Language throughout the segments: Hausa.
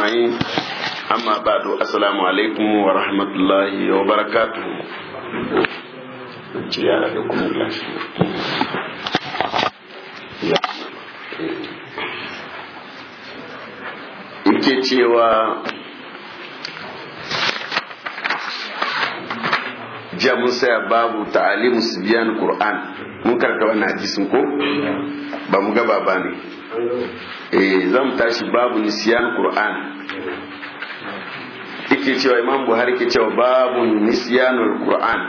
أجمعين أما بعد السلام عليكم ورحمة الله وبركاته muke cewa jiya mun saya babu ta'alimu su biyan Qur'an mun karanta wannan hadisin ko ba mu gaba ba ne eh zan tashi babu nisyan qur'an yake cewa imam buhari ke cewa babu nisyanul qur'an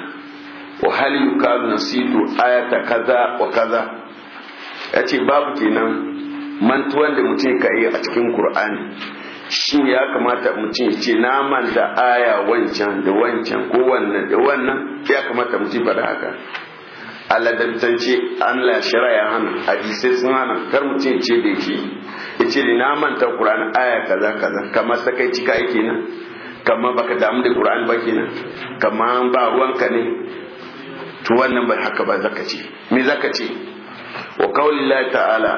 wa hal yukalu nasitu ayata kaza wa kaza yace babu kenan mantuwan da mutum ka yi a cikin kur'ani. shin ya kamata mutum ya ce na manta aya wancan da wancan ko wannan da wannan ya kamata mutum faɗa haka aladantance Allah shari'a hana hadisai sun hana kar mutum ce da yake ya ce da na manta Qur'an aya kaza kaza kamar sakai cika yake nan kamar baka damu da Qur'an ba kenan kamar ba ruwanka ne to wannan bai haka ba zaka ce me zaka ce wa la ta'ala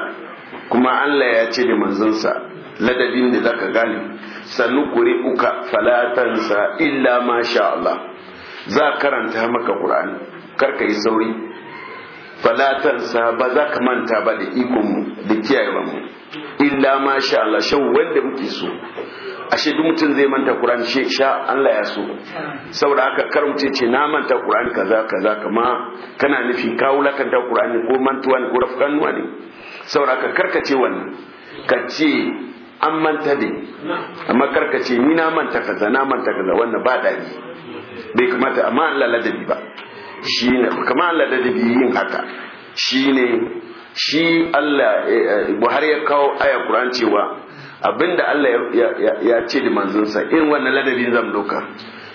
kuma Allah ya ce da manzonsa ladabin da zaka gane sannu kuri uka falatansa illa ma sha Allah za karanta maka Qur'ani kar ka yi sauri falatansa ba za ka manta ba da ikonmu da kiyayewa mu illa ma sha Allah shan wanda muke so ashe duk mutum zai manta Qur'an shi sha Allah ya so saboda haka kar mutum ce na manta Qur'an kaza kaza kama kana nufi ka wulakanta Qur'ani ko mantuwa ne ko rafkanuwa ne saboda haka karkace wannan ka ce an manta ne amma karkace ni na manta kaza na manta kaza wannan ba daɗi bai kamata amma an ladabi ba shi ne kamar Allah da dabi yin haka shi ne shi Allah eh, eh, Buhari ya kawo aya Qur'an cewa abinda Allah ya ce da manzonsa irin wannan ladabin zan doka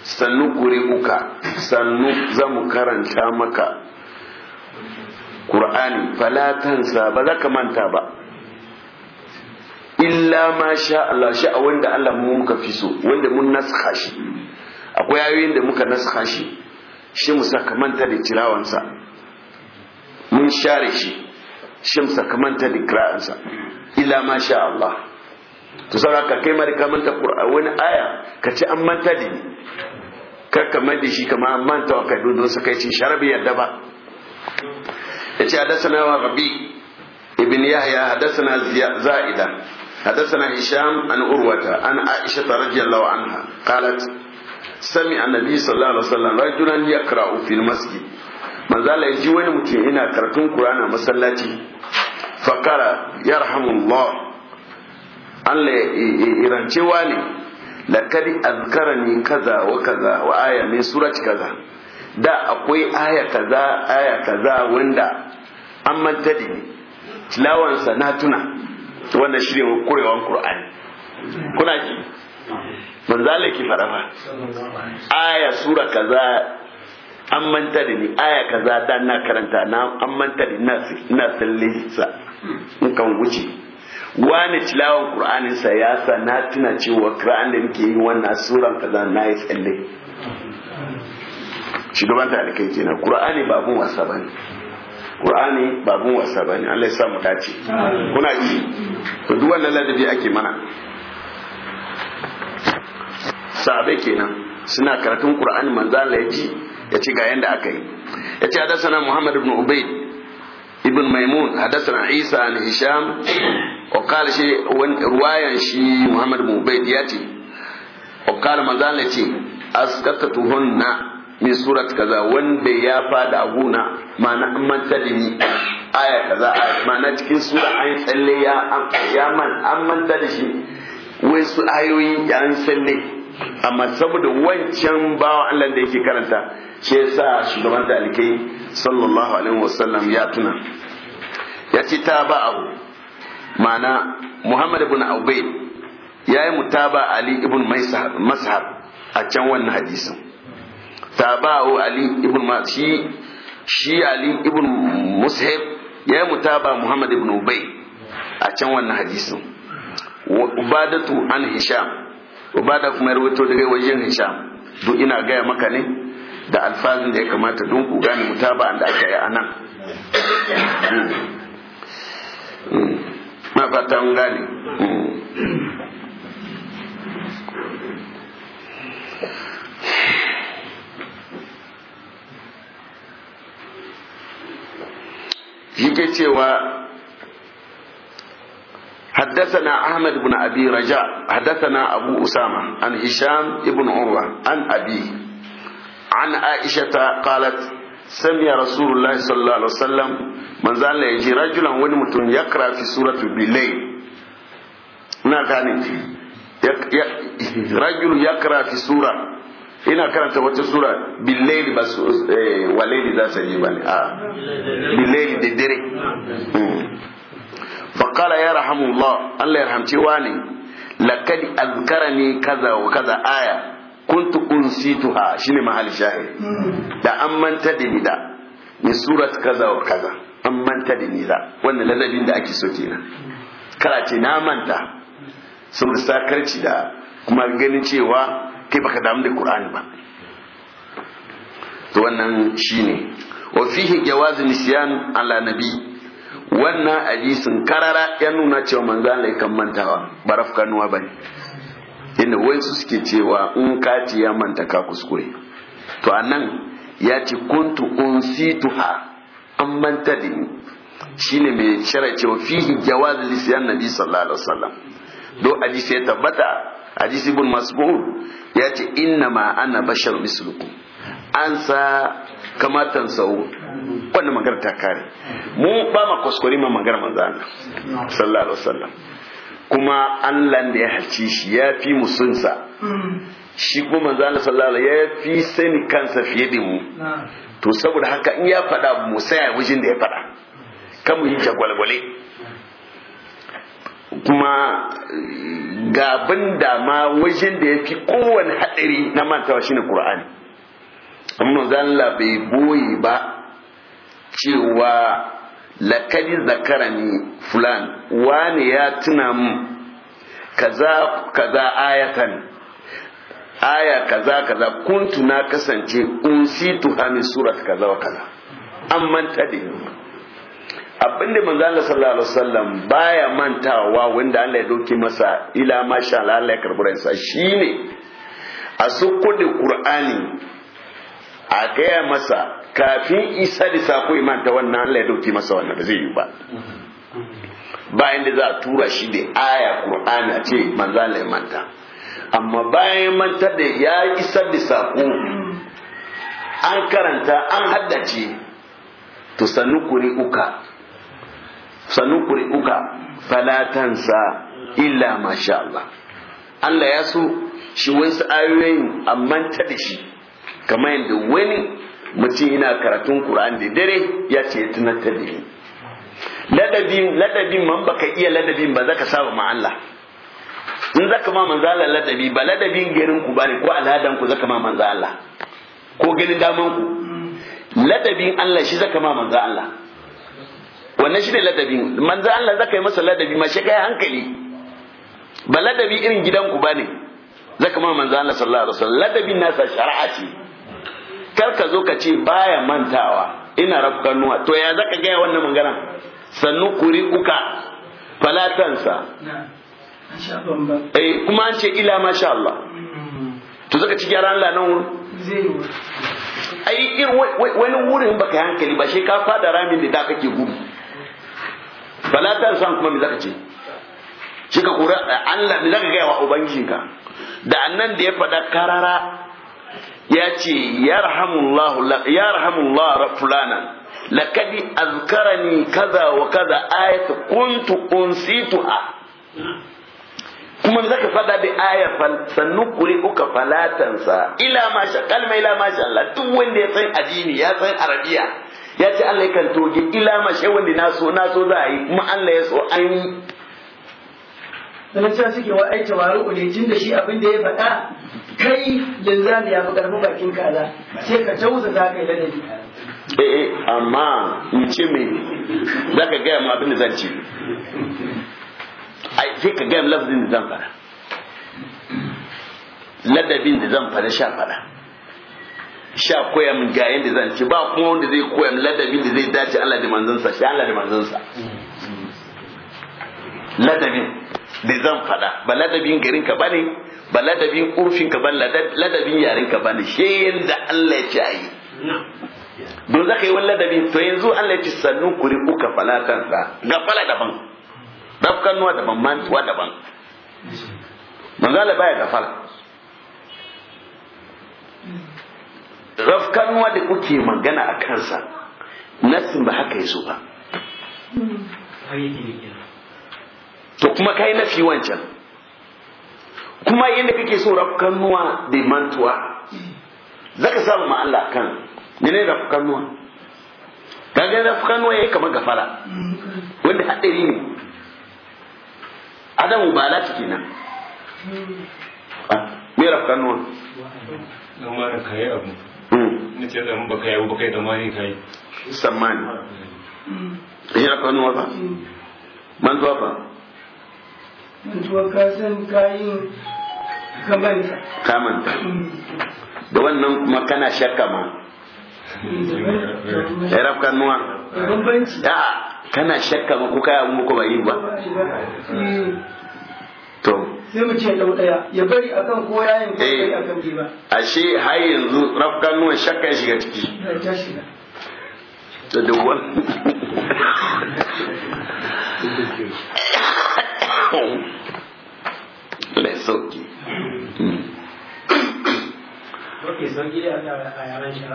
sannu kure uka sannu zamu karanta maka Qur'ani falatansa sa, ba za ka manta ba illa ma sha Allah a wanda Allah mu muka fi so wanda mun naskha shi akwai ayoyin da muka naskha shi shi musa ka manta da tilawansa mun share shi shi musa ka manta da kira'ansa ila ma sha Allah to saboda ka kai mari ka manta wani aya ka ce an manta da ni kar ka manta shi kamar an manta wa kai dodon sa kai ce sharabi yadda ba Ya yace hadathana wa rabi ibn yahya hadathana za'ida hadathana hisham an urwata an aisha radiyallahu anha qalat sami annabi sallallahu alaihi wasallam rajulan yaqra'u fil masjid manzo Allah ji wani mutum yana karatun Qur'ana masallaci fakara yarhamullah Allah irancewa ne laqad azkarani kaza wa kaza wa aya min surati kaza da akwai aya kaza aya kaza wanda an manta da ni na tuna wannan shine kurewan Qur'ani kuna ji manzala ki farafa aya sura kaza an manta da ni aya kaza dan na karanta na an manta na tsalle in kan wuce wani tilawan qur'anin sa ya sa na tuna cewa qur'an da nake yi wannan suran kaza na yi tsalle kenan qur'ani babun wasa bane qur'ani babun wasa bane Allah ya sa mu dace kuna ji to duk wannan ladabi ake mana sahabai kenan suna karatun qur'ani manzo Allah ya ya ce ga yanda aka yi ya ce hadathana muhammad ibn ubayd ibn maimun hadathana isa an hisham wa qala shi ruwayan shi muhammad ibn ubayd ya ce wa qala manzo Allah ya ce askatatuhunna min surat kaza wanda ya fada guna mana an manta da ni aya kaza mana cikin sura an tsalle ya ya man an manta da shi wai su ayoyi ya an tsalle amma saboda wancan bawa Allah da yake karanta shi yasa shugaban dalikai sallallahu alaihi wasallam ya tuna ya ce ta ba abu ma'ana Muhammad ibn Ubayd ya yi mutaba Ali ibn Mashab a can wannan hadisin tabawo Ali ibn shi shi Ali ibn Mushab ya yi mutaba Muhammad ibn Ubayd a can wannan hadisin ubadatu an Hisham da kuma ya rubuto daga wajen hisham duk ina gaya maka ne da alfazin da ya kamata don ku gane mutaba'an da aka yi a nan yake cewa حدثنا أحمد بن أبي رجاء حدثنا أبو أسامة عن هشام بن عروة عن أبيه عن عائشة قالت سمع رسول الله صلى الله عليه وسلم من زال يجي رجلا ونمت يقرأ في سورة بالليل نغاني رجل يقرأ في سورة ina karanta wata sura billaili ba su walaili za su yi ba ne a billaili da dare faƙala ya rahamullah Allah ya rahamce wani lakadi azkarani kaza wa kaza aya kuntu unsituha shine mahal da an manta da ni da ni surat kaza wa kaza an manta da ni da wannan ladabin da ake so kenan kala ce na manta sun sakarci da kuma ganin cewa kai baka damu da Qur'ani ba to wannan shine wa fihi jawazu wannan hadisin karara ya nuna cewa manzo Allah kan mantawa ba bane inda wasu suke cewa in ka ci ya manta ka kuskure to anan ya ce kuntu unsituha an manta da ni shine mai shara cewa fihi jawaz lisyan nabi sallallahu alaihi wasallam do hadisi ya tabbata hadisi ibn mas'ud ya ce inna ma ana bashar mislukum an sa kamatan sau wannan magana ta kare mu ba ma kuskure ma magana manzo Allah sallallahu alaihi wasallam kuma Allah da ya halci shi ya fi mu sunsa shi kuma manzo sallallahu alaihi ya fi sani kansa fiye da mu to saboda haka in ya faɗa mu saya wajen da ya faɗa kan mu yi jagwalgwale kuma ga da ma wajen da ya fi kowane haɗari na mantawa shine Qur'ani amma zalla bai boye ba cewa lakadi zakarani fulan wani ya tuna mu kaza kaza ayatan aya kaza kaza kuntu na kasance unsitu hamin surat kaza wa kaza an manta da Abin abinda manzo Allah sallallahu alaihi wasallam baya mantawa wanda Allah ya doke masa ila masha Allah Allah ya karbura shi shine a sukko Qur'ani a gaya masa kafin isa da sako imanta wannan Allah ya dauke masa wannan ba zai yi ba bayan da za a tura shi da aya qur'ani a ce manzo Allah ya manta amma bayan mantar da ya isa da sako an karanta an haddace to sanukuri kuri uka Sanukuri kuri uka falatansa illa masha Allah Allah ya so shi wasu ayoyin amma ta da shi kamar yadda wani mutum yana karatun Kur'an da dare ya ce tunar tunatar da ladabin ladabin man baka iya ladabin ba zaka saba ma Allah in zaka ma manzala ladabi ba ladabin gerin ku bane ko alhadan ku zaka ma manzo Allah ko ganin daman ku ladabin Allah shi zaka ma manzo Allah wannan shi ne ladabin manzo Allah ka yi masa ladabi ma shi kai hankali ba ladabi irin gidanku bane zaka ma manzo Allah sallallahu alaihi wasallam ladabin nasa shari'a ce kar ka zo ka ce baya mantawa ina rafkan nuwa to ya zaka gaya wannan magana sannu kuri uka falatansa eh kuma an ce ila masha Allah to zaka ci gyaran Allah nan wurin ai wani wurin baka hankali ba shi ka fada ramin da da kake gudu falatansa kuma me zaka ce shi ka kura Allah me zaka gaya wa ubangijinka da annan da ya fada karara ya ce ya rahamullah fulana lakadi azkarani kaza wa kaza ayata kuntu unsituha kuma zaka fada da ayar sannu kuri uka falatansa ila masha kalma ila masha Allah duk wanda ya san addini ya san arabiya ya ce Allah yakan toge ila masha wanda na so na so za a yi kuma Allah ya so an yi sannan cewa suke wa ai tawaru ne jin da shi abin da ya faɗa kai yanzu ne ya fi ƙarfin bakin kaza sai ka tausa za ka yi ladabi eh, eh amma in ce me za ka gaya mu abin da zan ce ai sai ka gaya mu lafazin da zan faɗa ladabin da zan faɗa sha faɗa sha koya min ga yadda zan ce ba kuma wanda zai koya min ladabin da zai dace Allah da manzansa shi Allah da manzansa ladabin da zan fada ba ladabin garin ka bane ba ladabin urfin ka ba ladabin yaren ka bane she yanda Allah ya ce ayi don zaka yi wani ladabi to yanzu Allah ya ce sannu kuri uka falatan ga fala daban dafkanuwa daban mantuwa daban manzala baya gafala rafkanuwa da kuke magana a kansa nasin ba haka yaso ba to kuma kai na fi wancan kuma inda kake so rafkannuwa da mantuwa zaka samu ma Allah kan menene rafkannuwa kaga rafkannuwa yayi kamar gafara wanda hadari ne adamu ba lati kenan ah, me rafkannuwa zama ka yi abu hmm. ni ce zama ba kai yi hmm. ba kai zama ne kai sammani ya rafkannuwa ba mantuwa ba mutuwar kasan kayin kamanta kamanta mm. da wannan kuma kana shakka ma ya mm. eh, rafka nuwa ya kana shakka ma ko kaya muku ba yi ba mm. to sai mu ce dau daya ya bari akan ko yayin ko eh. bari akan bi ba ashe har yanzu rafka nuwa shakka shiga ciki da wannan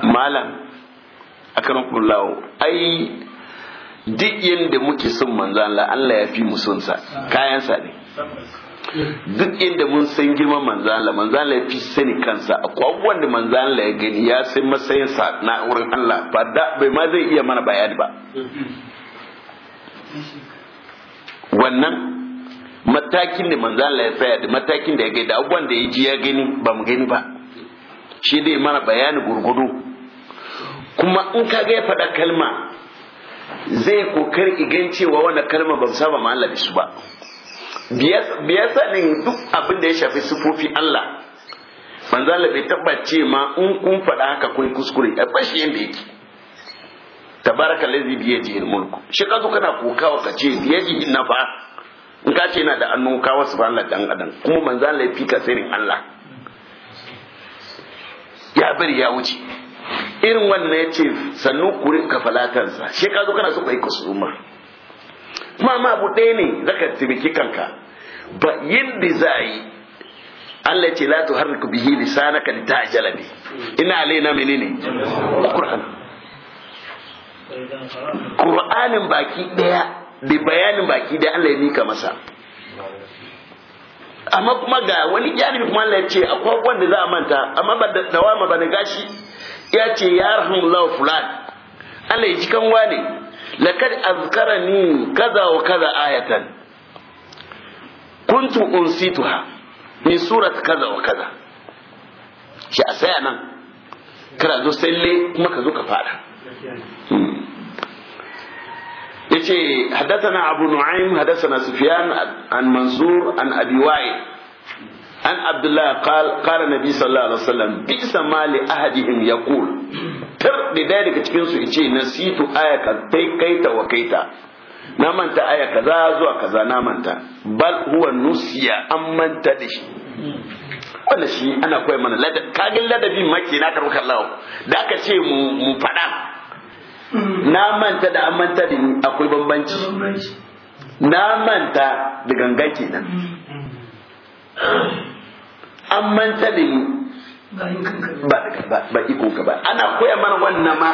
malam akan kullawo ai duk inda muke son manzo Allah Allah ya fi mu son sa kayan sa ne duk inda mun san girman manzo Allah manzo Allah ya fi sani kansa akwai abubuwan da manzo Allah ya gani ya san matsayin sa na wurin Allah ba da bai ma zai iya mana bayani ba wannan matakin da manzo Allah ya tsaya da matakin da ya gani da abubuwan da ya ji ya gani ba mu gani ba shi dai mana bayani gurgudu kuma in ka ga ya faɗa kalma zai kokar igan cewa wanda kalma ba saba ma Allah su ba biyasa ne duk abin da ya shafi sufofi Allah manzo Allah bai tabbace ma in kun faɗa haka kun kuskure a bashi yanda yake tabaraka lazi biye jihil mulku shi ka zo kana kokawa ka ce biye jihil nafa in ka ce yana da annu kawo su ba Allah dan adam kuma manzo Allah ya fika sirrin Allah ya bari ya wuce irin wannan ya ce sannu kuri rinka falatansa shi ka zo kana so kai kusuma kuma ma abu ɗaya ne zaka taimaki kanka ba yadda za a yi Allah ce la tuharriku bihi lisanaka litajala bi ina alaina menene Qur'an Qur'anin baki daya da bayanin baki daya Allah ya mika masa amma kuma ga wani jarumi kuma Allah ya ce akwai wanda za a manta amma ba da dawama ba na gashi ya ce ya rahmullahu fulan Allah ya ji kan wane lakad azkarani kaza wa kaza ayatan kuntu unsituha min surat kaza wa kaza shi a saya nan kana zo sai le kuma ka zo ka fara hmm. yace haddathana abu nu'aym haddathana sufyan an mansur an abi wa'il an abdullah qala qala nabi sallallahu alaihi wasallam bisa mali ahadihim yaqul tar da daya daga cikin su yace na ayaka kai kaita wa kaita na manta aya kaza zuwa kaza na manta bal nusiya an manta da shi wannan shi ana koya mana ladabi ladabi maki na karɓar kallawa da aka ce mu faɗa na manta da an manta da ni akwai bambanci na manta da ganga kenan an manta da ni ba iko ka ba ana koya mana wannan ma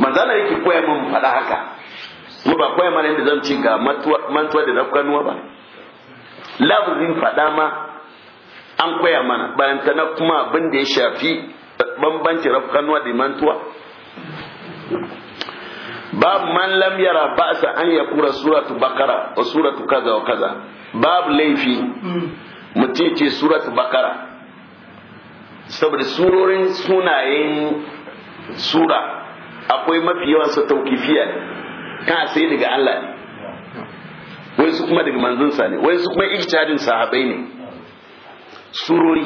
manzana yake koya min faɗa haka kuma ba koya mana yadda zan ce ga mantuwa da rafkanuwa ba lafazin faɗa ma an koya mana bayan ta na kuma abin da ya shafi bambanci rafkanuwa da mantuwa Babu من لم يرى بأس أن يقول سورة بقرة وسورة كذا وكذا باب ليفي متيتي سورة بقرة saboda surorin sunayen sura akwai mafi yawan su taukifiya kan sai daga Allah ne wai su kuma daga manzansa ne wai su kuma ijtihadin sahabai ne surori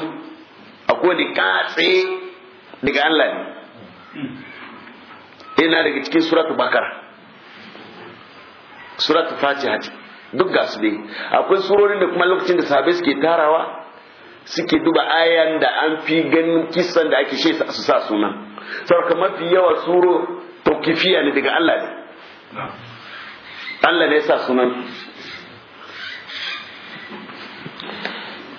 akwai da katse daga Allah ne ina daga cikin suratu bakara suratu fatiha duk ga su ne akwai surorin da kuma lokacin da sahabbai suke tarawa suke duba ayan da an fi ganin kisan da ake shesa su sa sunan Sarka mafi yawa suro taukifiya ne daga Allah ne Allah ne sa sunan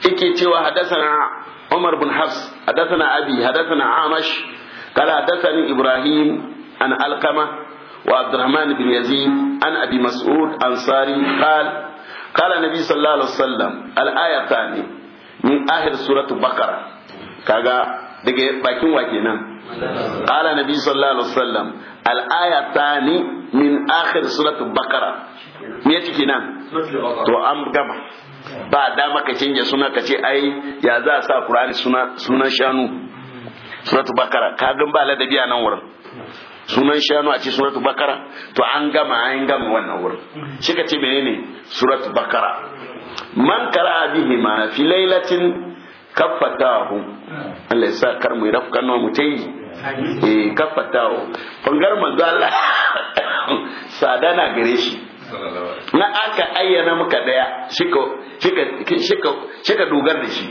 yake cewa hadasana Umar bin Hafs hadasana Abi hadasana Amash قال حدثني Ibrahim. an alkama wa abdurrahman bin Yazi, an abi mas'ud ansari qal قال النبي صلى الله عليه وسلم الآية الثانية من آخر سورة بقرة كذا daga bakin wa kenan qala nabi sallallahu alaihi wasallam al aya tani min akhir surat baqara me yake kenan to an gama ba dama ka canja suna ka ce ai ya za a sa qur'ani suna sunan shanu surat baqara ka gan ba ladabi a nan wurin sunan shanu a ce suratu bakara to an gama an gama wannan wurin shi ka ce menene suratu bakara man kara bihi ma fi lailatin kaffatahu Allah ya sa kar mu rafka nawa mu tayi eh kaffatahu bangar manzo Allah sada na gare shi na aka ayyana muka daya shika shika shika shika dogar da shi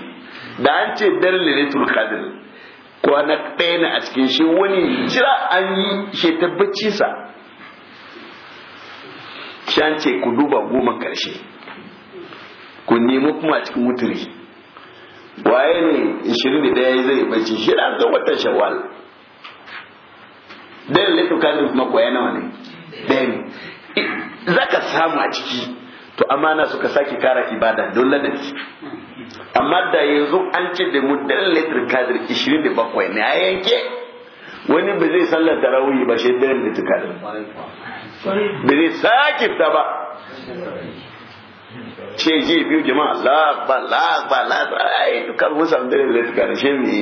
da an ce dar lailatul qadr kwana ɗaya ne a cikin shi wani jira an yi shi tabbaci sa shi an ce ku duba goma karshe ku nemo kuma a cikin wuturi waye ne 21 zai bacci shi da zo watan Ɗaya dan litu kan kuma koyana ne dan zaka samu a ciki to amana suka sake kara ibada don ladabi amma da yanzu an ce da mu litr kadir 27 ne a yanke wani ba zai sallar tarawih ba shi litr kadir ba zai sake ta ba ce ji biyu jama'a la ba la ba la ai kar mu da litr kadir shi ne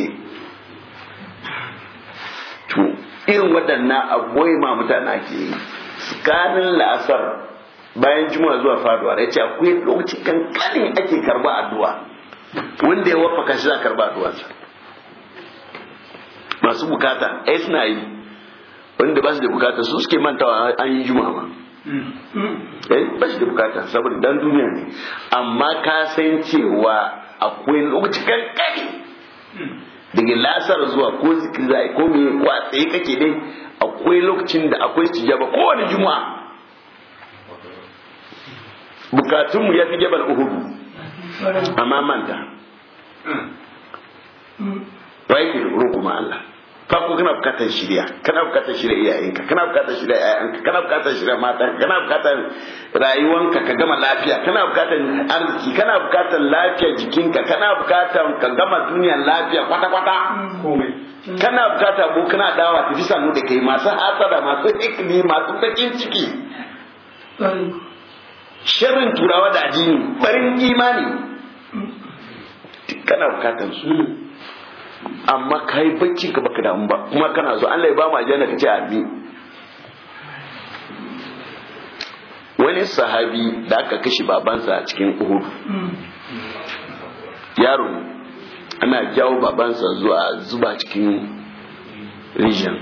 to irin waɗannan abuwa ma mutane ake yi tsakanin la'asar bayan juma'a zuwa faduwa ya ce akwai lokacin kankani ake karba addu'a wanda ya wafaka shi za karba addu'arsa masu bukata ai suna yi wanda ba su da bukata su suke mantawa an yi juma'a ba mm-hmm. eh ba su da bukata saboda dan duniya ne amma ka san cewa akwai lokacin kankani daga lasar zuwa ko zikiri za ko me ko a tsaye kake dai akwai lokacin da akwai tijaba kowane juma'a bukatunmu ya fi jabal uhudu amma manta wai ke roƙo ma Allah farko kana bukatar shirya kana bukatar shirya iyayenka kana bukatar shirya iyayenka kana bukatar shirya mata kana bukatar rayuwanka ka gama lafiya kana bukatar arziki kana bukatar lafiya jikinka kana bukatar ka gama duniyar lafiya kwata kwata kana bukatar ko kana dawa ta bisa sanu da kai masu hasada masu ikili masu bakin ciki sharrin turawa da addini barin imani kana bukatan su amma ka yi bacci ka baka damu ba kuma kana so Allah ya ba mu ka ce amin wani sahabi da aka kashe babansa a cikin Uhud yaro ana jawo babansa zuwa zuba cikin rijiyar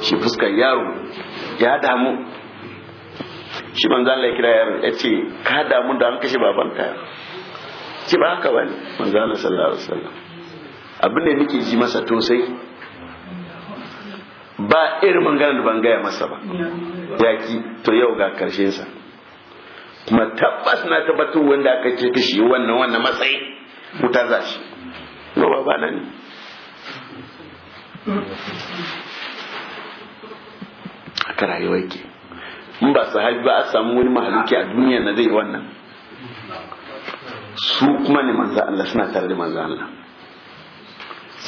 shi fuskar yaro ya damu shi manzo Allah ya kira ya ce ka mun da an kashe babanka ce ba haka bane manzo Allah sallallahu alaihi wasallam abin da nake ji masa to sai ba irin magana da ban gaya masa ba yaki to yau ga karshen sa kuma tabbas na tabbatar wanda aka ce kashi wannan wannan matsayi wuta za shi no ba na ne a karayewa yake in ba sahabi ba a samu wani mahaluki a duniya na zai wannan su kuma ne manzo Allah suna tare da manzo Allah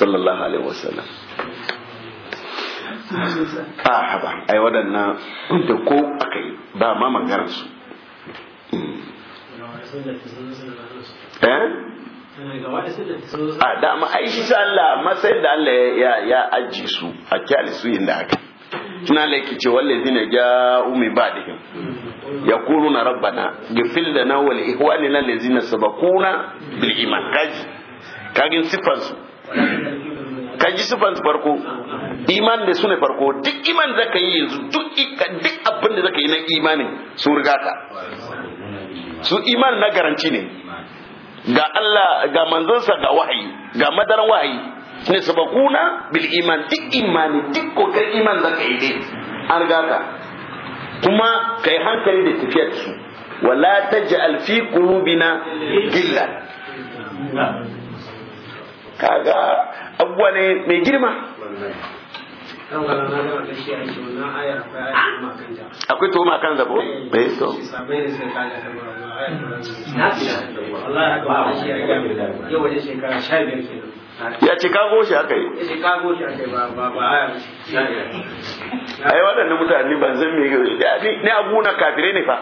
sallallahu alaihi wasallam a haba yi waɗannan da ko aka yi ba ma magana su eh? a dama ai shi Allah da Allah ya aji su a kyale su yin da aka suna laiki ce walle zina ja umi ba da ya kuru na rabbana gifil da na wal ihwani na lezina sabakuna bil iman kaji kagin sifansu kaji sifansu farko iman da su ne farko duk iman da ka yi yanzu duk abin da zaka yi na imanin sun riga ka su iman na garanci ne ga Allah ga manzonsa ga wahayi ga madaran wahayi ne sabakuna bil iman duk imani duk kokar iman ka yi dai an ga ka kuma kai hankali da tafiyar su wala taj'al fi qulubina gillan kaga abuwa ne mai girma akwai tuhuma makan zabo bai eh, so na ya ce ka goshi aka yi ai waɗannan mutane ban zan me ne a guna kafirai ne fa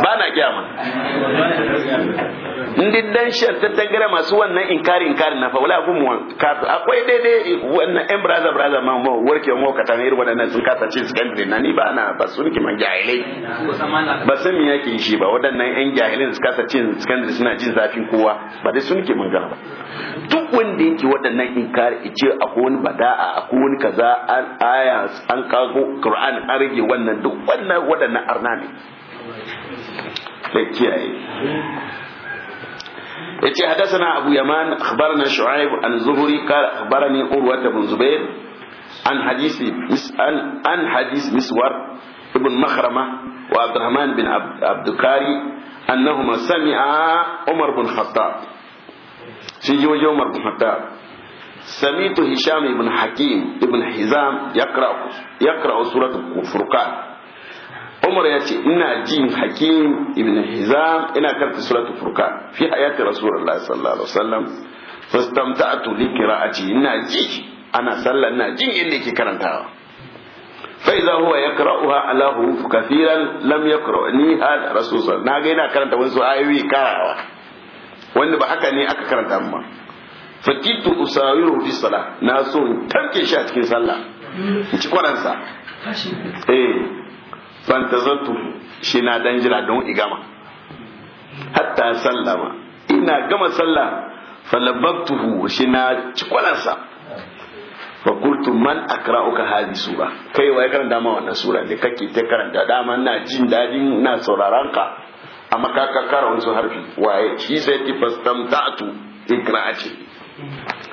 ba na gyama Ndi dan sharta ta gara masu wannan inkari inkari na wala ku mu akwai daidai wannan yan brother brother ma mu warke mu ka tana irin wadannan sun kasa ce secondary na ni ba na ba sun man jahilai ba san me yake shi ba wadannan yan jahilin su kasa ce secondary suna jin zafin kowa ba dai sun kiman gaba. ba duk wanda yake wadannan inkari ce akwai wani bada'a akwai wani kaza an aya an kago qur'an an rage wannan duk wannan wadannan arna ne يتي حدثنا ابو يمان اخبرنا شعيب عن الزهري قال اخبرني اروه بن زبير عن حديث مسال عن حديث مسور ابن مخرمه وعبد الرحمن بن عبد الكاري انهما سمعا عمر بن الخطاب في يوم عمر بن الخطاب سمعت هشام بن حكيم ابن حزام يقرا يقرا سوره الفرقان umar ya ce ina jin hakim ibn hizam ina karanta suratul furqan fi hayati rasulullahi sallallahu alaihi wasallam fastamta'tu li qira'ati ina ji ana sallan na jin yadda yake karantawa fa idza huwa yaqra'uha ala huruf kathiran lam yaqra'ni hada rasul na ga ina karanta wasu ayoyi karawa wanda ba haka ne aka karanta amma fakitu usawiru fi salah na so tarke shi a cikin sallah in ci kwaransa sa. fantazartu shi na dan jira don igama hatta sallama ina gama sallah falababtuhu shi na cikwalansa fa qultu man akra'uka hadhihi sura kai wai karanta ma wannan sura ne kake ta karanta dama na jin dadin na sauraron ka amma ka ka kara wasu harfi waye shi sai ti fastamta'tu ikra'ati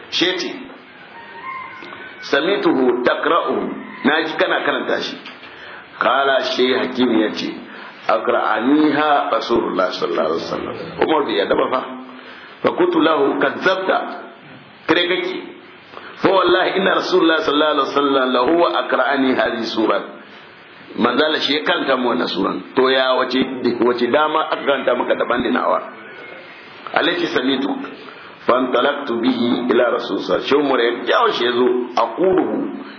sheti samituhu takra'u naji kana karanta shi kala shi hakim ya ce ha rasulullah sallallahu alaihi wasallam umar bai yadda ba fa fa kutu lahu kadzabta kare kake fa wallahi inna rasulullah sallallahu alaihi wasallam lahu akra'ani hadhihi surat manzala shi kanta mu wannan suran to ya wace wace dama aka kanta maka daban dinawa alaihi samitu fantalaktu bihi ila rasulsa shi umar ya jawo shi yazo aquluhu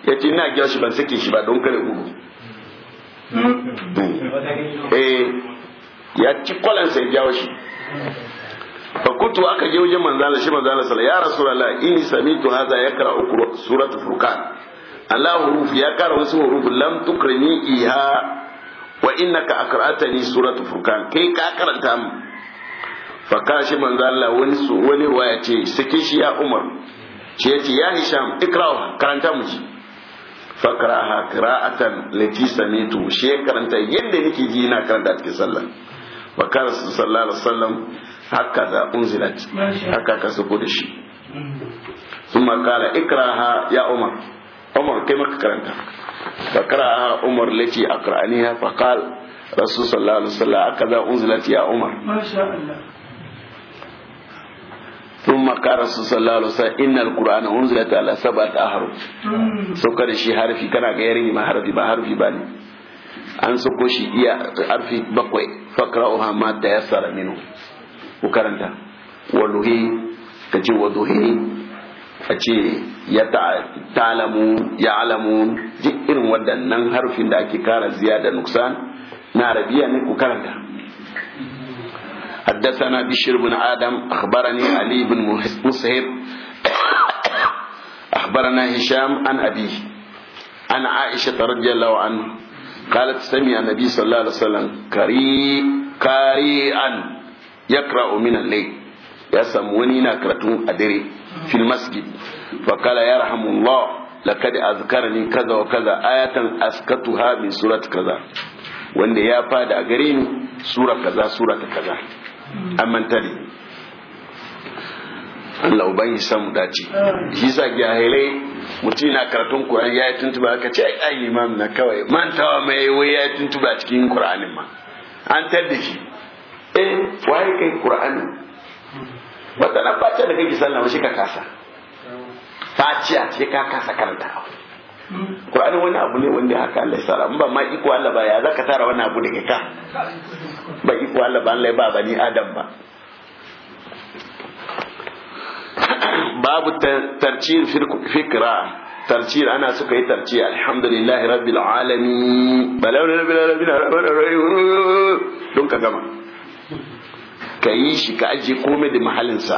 yace ina jawo shi ban sake shi ba don kare gudu E, ya ci kwalansa ya jawo shi fakutu aka je wajen manzala shi manzala sallallahu ya rasulullah inni samitu hadha yakra suratul furqan Allah huruf ya kara wasu huruf lam tukrini iha wa innaka aqra'tani suratul furqan kai ka karanta mu ka shi manzala wani su wani waya ce sake shi ya umar ce ya ce ya hisham ikra'u karanta mu shi fakraha qira'atan lati samitu she karanta yadda nake ji ina karanta cikin sallah wa kana sallallahu alaihi wasallam da unzilat haka ka sako shi thumma ikraha ya umar umar kai maka karanta fakraha umar lati aqra'aniha faqala rasul sallallahu alaihi da ya umar ثم قال رسول صلى الله عليه وسلم ان القران انزل على سبعه احرف saukar da shi harfi kana ga yare ma harfi ba harfi an sauko shi iya harfi bakwai faqra'uha ma tayassara minhu ku karanta waluhi kace waduhi a ce ya ta'alamu alamu duk irin waɗannan harfin da ake kara ziya da nuksan na arabiya ne ku karanta حدثنا بشر بن آدم أخبرني علي بن مصهر أخبرنا هشام عن أبيه عن عائشة رضي الله عنه قالت سمع النبي صلى الله عليه وسلم قارئا يقرأ من الليل يا سموني نكرتون أدري في المسجد فقال يرحم الله لقد أذكرني كذا وكذا آية أسكتها من سورة كذا wanda ya fada a gare ni sura kaza sura ta kaza an mantare Allah yi samu dace shi sa jahilai mutum na karatun Qur'an ya yi tuntuba ka ce ai imam na kawai mantawa mai wai ya yi tuntuba cikin Qur'anin ma an tadda shi eh waye kai Qur'ani ba ta nan faciya da kake sallama shi ka kasa faciya ce ka kasa karantawa an wani abu ne wanda haka Allah ya sara ba ma iko Allah ba ya zaka tara wani abu daga ka ba iko Allah ba Allah ba bani Adam ba babu tarcir fikra tarcir ana suka yi tarci alhamdulillah rabbil alamin balaw rabbil alamin don ka gama ka yi shi ka aje komai da mahallinsa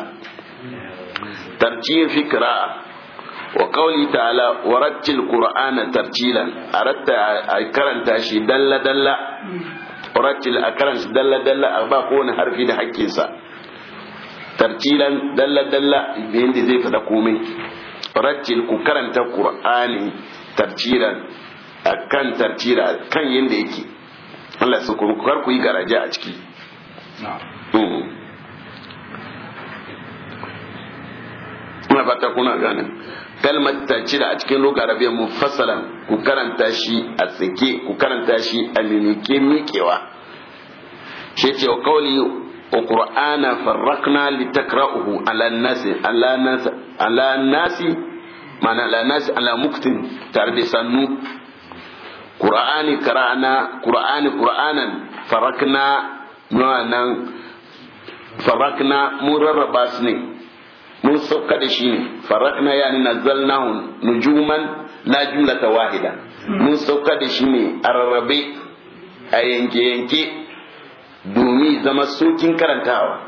tarcir fikra wa kauli ta'ala wa rattil qur'ana tartilan a a karanta shi dalla dalla wa rattil a karanta shi dalla dalla a ba kowane harfi da hakkinsa tartilan dalla dalla da zai fada komai rattil ku karanta qur'ani tartilan akan tartila kan yadda yake Allah su kuma kar ku yi garaje a ciki ina fata kuna ganin kalmata ce da a cikin roƙa rabiyar mu fasalan ku karanta shi a tsike ku karanta shi a mimike miƙewa shi ce wa kawai wa ƙur'ana farrakna li takra'uhu ala nasi ala mana ala nasi tare da sannu ƙur'ani ƙar'ana ƙur'ani ƙur'anan farrakna nuna nan farrakna mun rarraba su ne mun sauka da shi ne farakna yani nazzalnahu nujuman la ta wahida mun sauka da shi ne a rarrabe a yanke yanke domin zama sokin karantawa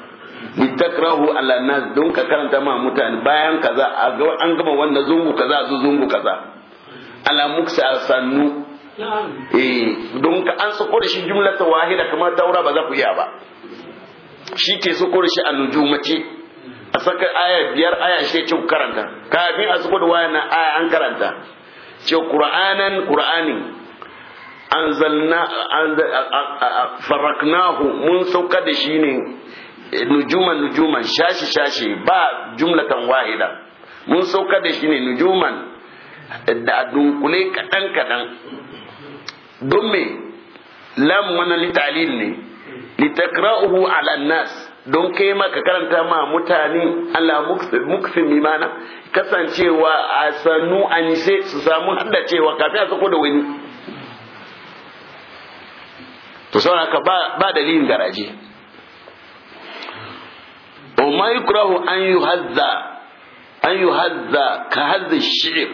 litakrahu ala nas don ka karanta ma mutane bayan kaza an gama wannan zungu kaza zu zungu kaza ala muksa sannu eh don ka an sako da shi ta wahida kamar taura ba za ku iya ba shi ke sako da shi a nujumace a saka aya biyar aya shi ce karanta kafin a saka da wayannan aya an karanta ce qur'anan qur'ani anzalna farraknahu mun sauka da shi ne eh, nujuman nujuman shashi shashi ba jumlatan wahida mun sauka da shi ne nujuman da dunkule kadan kadan don me lam mana litalil ne litakra'uhu ala nas don kai maka karanta ma mutane Allah muksin mimana kasancewa a sanu a nise su samu hada cewa kafin a sako da wani to ba dalilin garaje umar kurahu an yi an yi hadza ka hadza shi'ir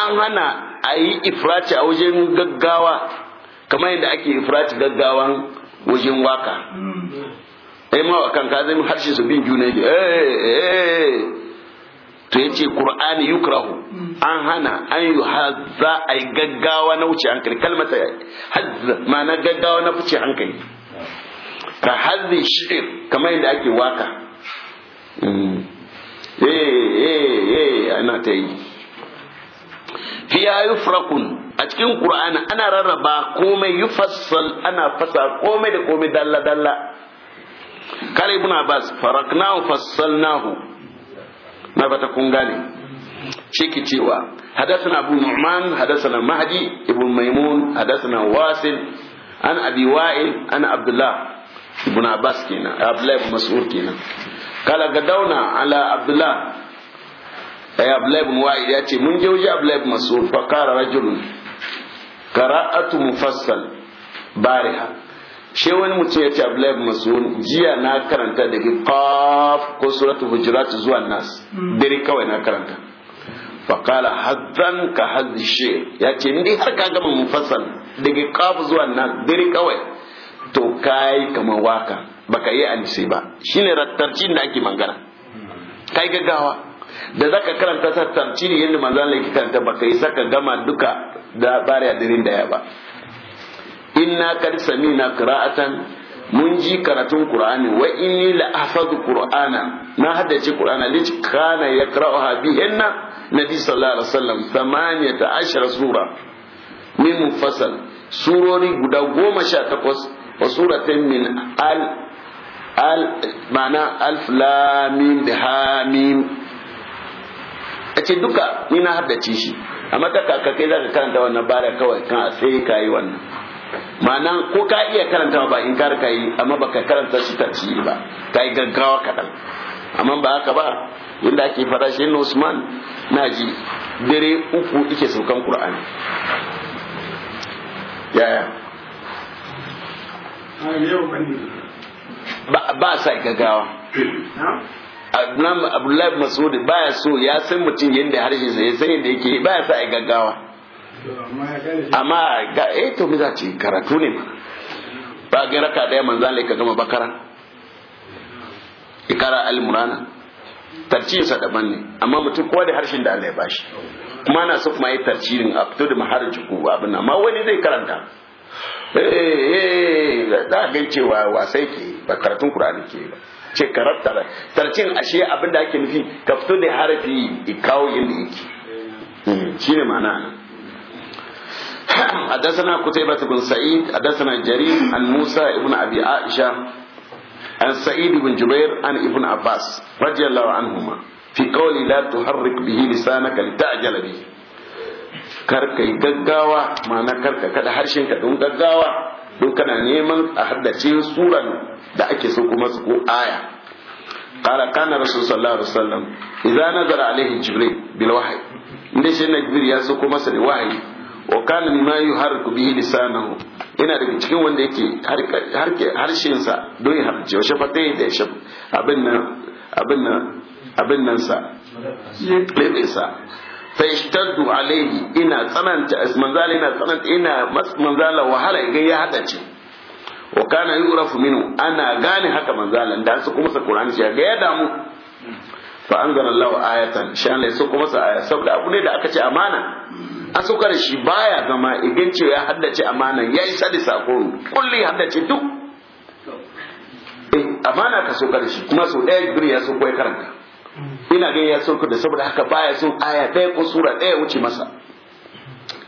an hana a yi ifrati a wajen gaggawa kamar yadda ake ifrati gaggawan wajen waka hmm. kai ma kan ka zai harshe su bin juna yake eh, eh, eh. to yace qur'ani yukrahu an hana an yu hazza ai gaggawa na wuce hankali kalmata hazza ma'ana gaggawa na wuce hankali ka hazzi shi kamar yadda ake waka mm. eh eh eh ana ta yi fiya yufrakun a cikin qur'ani ana rarraba komai yufassal ana fasa komai da komai dalla dalla kala ibn abbas faraknahu fassalnahu na bata kun gane ciki cewa hadathana abu nu'man hadathana mahdi ibn maimun hadathana wasil an abi wa'il an abdullah ibn abbas kenan abdullah ibn mas'ud kenan kala gadauna ala abdullah ay abdullah ibn wa'il ya ce mun je waje abdullah ibn mas'ud fa qala rajulun qira'atu mufassal bariha she wani mutum ya ce Abdullahi ibn Mas'ud jiya na karanta daga qaf ko suratul hujurat zuwa nas mm. dare kawai na karanta fa qala ka haddi she ya ce ni har ka gama mufassal daga qaf zuwa nas dare kawai to kai kamar waka baka yi alisi ba shine rattarcin da ake magana kai gaggawa da zaka karanta sa tafsiri yadda manzon Allah yake karanta baka yi saka gama duka da bariya dirin da ya ba inna qad samina qira'atan mun ji karatun qur'ani wa inni la ahfazu qur'ana na hada haddace qur'ana lij kana yaqra'uha bihinna nabi sallallahu alaihi wasallam 18 sura min mufassal surori guda goma sha takwas wa suratan min al al ma'ana alf lam mim ha mim ace duka ni na haddace shi amma ta kakakai zaka karanta wannan bara kawai kan sai yi wannan ma'ana ko ka iya karanta ba in kar ka yi amma ba ka karanta shi ci ba ka yi gaggawa kaɗan amma ba haka ba inda ake fara shi na usman na ji dare uku ike saukan qur'ani yaya ah, ba sa gaggawa abdullahi masudi baya so ya san mutum yadda harshe sai ya san yadda yake baya sa gaggawa amma ga eh to me za ci karatu ne ma ba ga raka daya manzan lai ka gama bakara ikara al-murana sa da banne amma mutum kowa da harshen da Allah ya bashi kuma ana so kuma yi tarcirin a fito da maharaji ko abin amma wani zai karanta eh eh da eh, ga cewa wasai ke ba karatun kurani ke ba ce karatta ba tarcin ashe abin da ake nufi ka fito da harafi yin da yake hmm, shine ma'ana حدثنا قتيبة بن سعيد حدثنا جرير عن موسى ابن أبي عائشة عن سعيد بن جبير عن ابن عباس رضي الله عنهما في قولي لا تحرك به لسانك لتعجل به yi gaggawa ma'ana karka kada harshenka don gaggawa don kana neman a haddace suran da ake so kuma su ko aya qala kana rasul sallallahu alaihi wasallam idza nazara alaihi jibril bil wahyi inda shi na jibril ya so kuma sa da wahyi wa kana mimma yuharriku bihi lisanahu yana daga cikin wanda yake harke harshen sa don ya harce wa shafatai da abin nan abin nan abin nan sa ya lebe sa fa ishtaddu alayhi ina tsananta manzala ina tsananta ina manzala wahala idan ya hada ce wa kana yurafu minhu ana gane haka manzalan da su kuma sa qur'ani shi ga ya damu fa anzalallahu Allah ayatan shan lai su kuma sa aya saboda abu ne da aka ce amana an saukar shi baya zama idan cewa ya haddace amanan ya isa da sako kulli haddace duk eh, amana ka saukar shi kuma sau ɗaya jibril ya sauko ya karanta ina ga ya sauko da saboda haka baya sun, aya ɗaya ko sura ɗaya wuce masa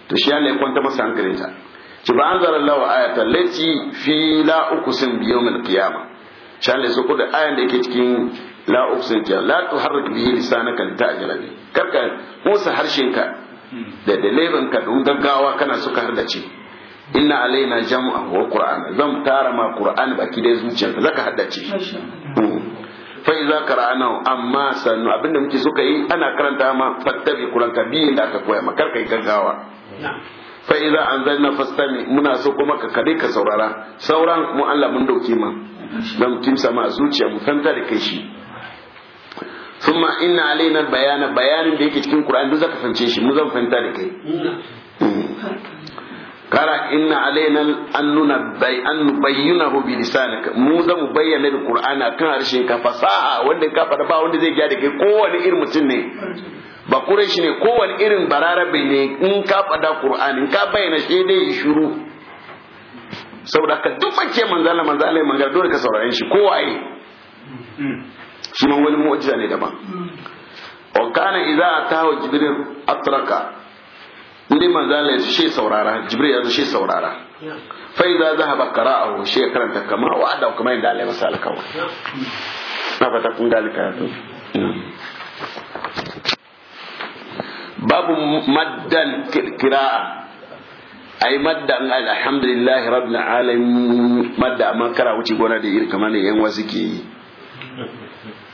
to shi Allah ya kwanta masa hankalin ta ci ba an zara lawa ayata lati fi la uqsim bi yawmil qiyamah shi Allah ya sauko da ayan da yake cikin la uqsim la tuharrik bihi lisanaka ta bi karka musa harshenka da direban ka da gaggawa kana suka haddace inna alaina jam'a wa qur'an zan tara ma qur'an baki da zuciyarka zaka haddace mm. fa iza qara'ana amma sannu abinda muke suka yi ana karanta ma fattabi qur'an ka bi da ka koya maka kai gaggawa fa iza anzalna fastami muna so kuma ka kade ka saurara sauran mu Allah mun dauke ma dan kimsa ma zuciya mu fanta da kai shi summa ina alaina bayana bayanin da yake cikin Qur'ani duk zaka fahimce shi mu zan fahimta da kai kara inna alaina an bai an hu bi lisanika mu za mu bayyana da qur'ana kan harshen ka fasaha wanda ka fada ba wanda zai gaya da kai kowane irin mutum ne ba kureshi ne kowane irin bararabe ne in ka fada Qur'ani in ka bayyana shi dai shiru saboda ka duk mace manzala manzala manzala dole ka saurare shi kowaye shi ma wani mu'jiza ne daban wa kana idza atahu jibril atraka inda manzala ya shi saurara jibril ya shi saurara fa idza zahaba qara'ahu shi karanta kama wa ada kuma inda Allah ya masa alkawa na fata kun dalika karatu babu maddan kira'a ay madda alhamdulillah rabbil alamin madda amma kara wuce gona da iri kamar ne yan wasu ke yi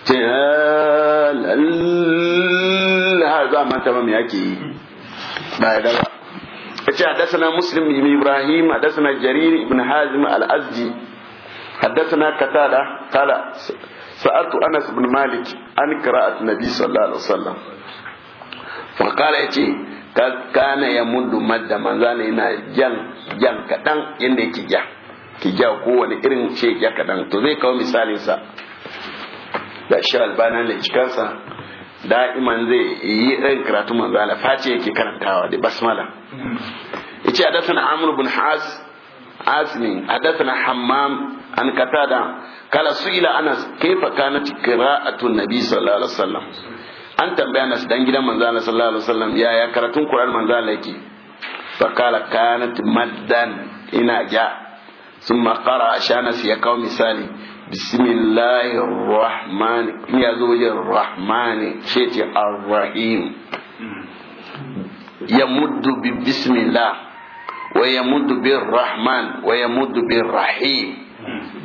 ce har za manta ba me yake yi ba ya ibrahim jarir ibn hazim al-azdi hadathana qatada qala sa'altu anas bin malik an qira'at nabi sallallahu alaihi wasallam fa qala yace kana ya mundu madda manzana yana na jan kaɗan yanda yake ja ki ja kowane irin ce ja kadan to zai kawo misalin sa da shi albana da cikansa da'iman zai yi ɗan karatu manzo Allah face yake karantawa da basmala yace hadathana amr bin has asmi hadathana hammam an katada kala su'ila anas kaifa kanat qira'atu nabi sallallahu alaihi wasallam an tambaya nas dan gidan manzo Allah sallallahu alaihi wasallam yaya karatun Qur'an manzo Allah yake fa kala kanat maddan ina ja summa qara ashana ya kawo misali bismillahir rahman in ya zo wajen rahman ce ce ya muddu bi wa ya muddu rahman wa ya muddu rahim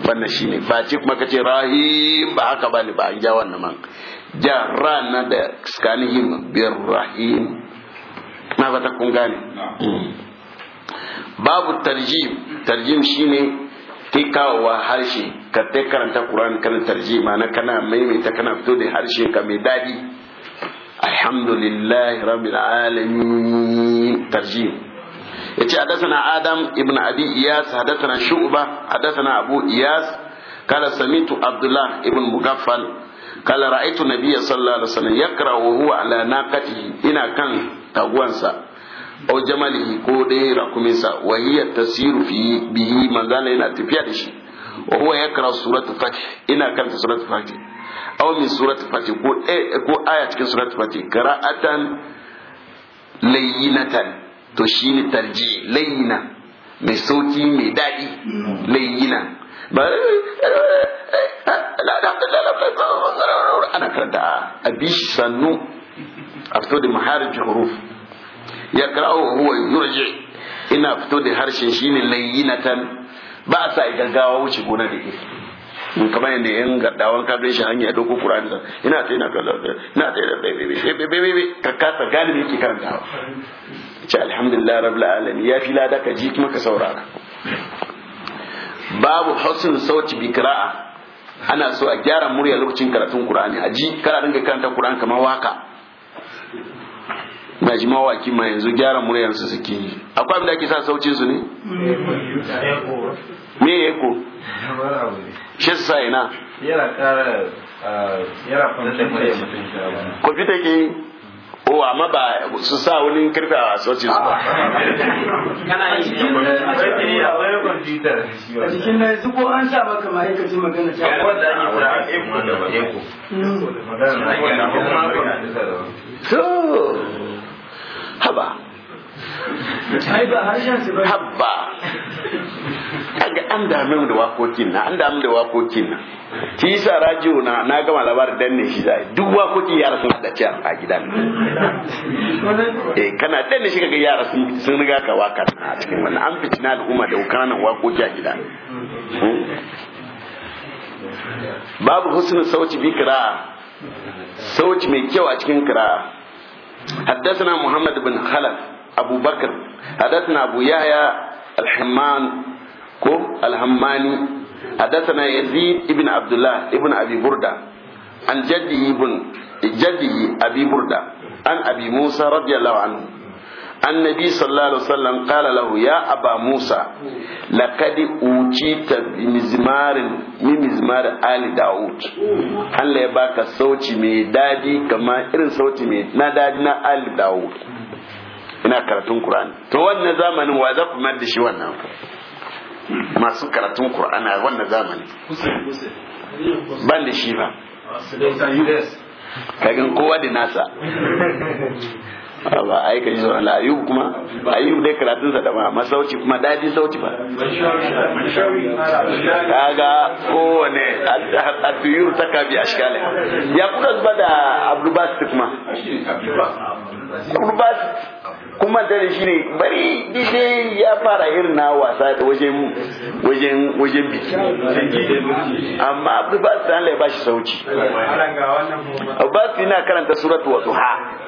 wannan shine face kuma kace rahim ba haka bane ba an ja wannan man ja rana da skanihim bi rahim na fata kun gane mm. babu tarjim tarjim shine kai kawowa harshe ka ta karanta Qur'an kan tarjima na kana maimaita kana fito da harshe ka mai dadi alhamdulillahi rabbil alamin tarjim yace hadathana adam ibn abi iyas hadathana shu'ba hadathana abu iyas قال سمعت عبد الله ابن مغفل قال رأيت النبي صلى الله عليه وسلم يقرأ وهو على "Ina kan taguwansa." aw jamalihi ko dai rakuminsa wa hiya tasiru fi bihi manzala yana tafiya da shi wa huwa yakra suratul fatih ina karanta suratul fatih aw min suratul fatih ko eh, ko aya cikin suratul fatih qira'atan layyinatan to shine tarji layyina mai sauki mai dadi layyina ba eh, eh, ana karanta a bishi sannu a fito da maharijin huruf ya karawo huwa yurji ina fito da harshen shine layyinatan ba sa gaggawa wuce gona da iri in kamar yadda yan gaddawan kabin shi hanya doko Qur'ani da ina ta ina kaza ina ta ina bebe bebe ka kasa galibi yake karanta. ce alhamdulillah rabbil alamin ya fi lada ka ji kuma ka saurara babu husn sauti bi qira'a ana so a gyara murya lokacin karatun Qur'ani a ji kana dinga karanta Qur'ani kamar waka gaji mawaki ma yanzu gyara muryansu suke yi akwai abin da ake sa saucin su ne me ya ko shi sa ina kwamfuta ke yi o amma ba su sa wani karfe a saucin su ba kana yi a cikin na su ko an sha baka ma'aikaci magana a wadda ake fura a eko haba haba kaga an dame mu da wakokin na an dame da wakokin na ki yasa rajiyo na na gama labarin danne shi zai duk wakoki yara sun da ciyar a gidan eh kana danne shi kaga yara sun sun riga ka waka a cikin wannan an fitina al'umma da ukanan wakoki a gidan hmm. babu husnul sauti bi kira. sauti mai kyau a cikin kira. حدثنا محمد بن خلف أبو بكر حدثنا أبو يحيى الحمان كو الهماني حدثنا يزيد ابن عبد الله ابن أبي بردة عن جده ابن جده أبي بردة عن أبي موسى رضي الله عنه annabi sallallahu alaihi wasallam qala lahu ya aba musa laqad ucita mizmarin min mizmar ali daud Allah ya baka sauti mai dadi kama irin sauti mai na dadi na ali daud ina karatun qur'ani to wannan zamanin wa za ku mar shi wannan masu karatun qur'ani a wannan zamanin ban da shi ba kagan kowa da nasa ba a yi ji sauran la ayubu kuma ayubu dai karatun sa da ma masauci kuma daji sauci ba ga kowane atuyur ta kabi shikali ya kuka zuba da abdubas kuma abdubas kuma da shi ne bari dide ya fara irin na wasa da wajen wajen wajen biki amma abdubas ta Allah ba shi sauci abdubas yana karanta wa duha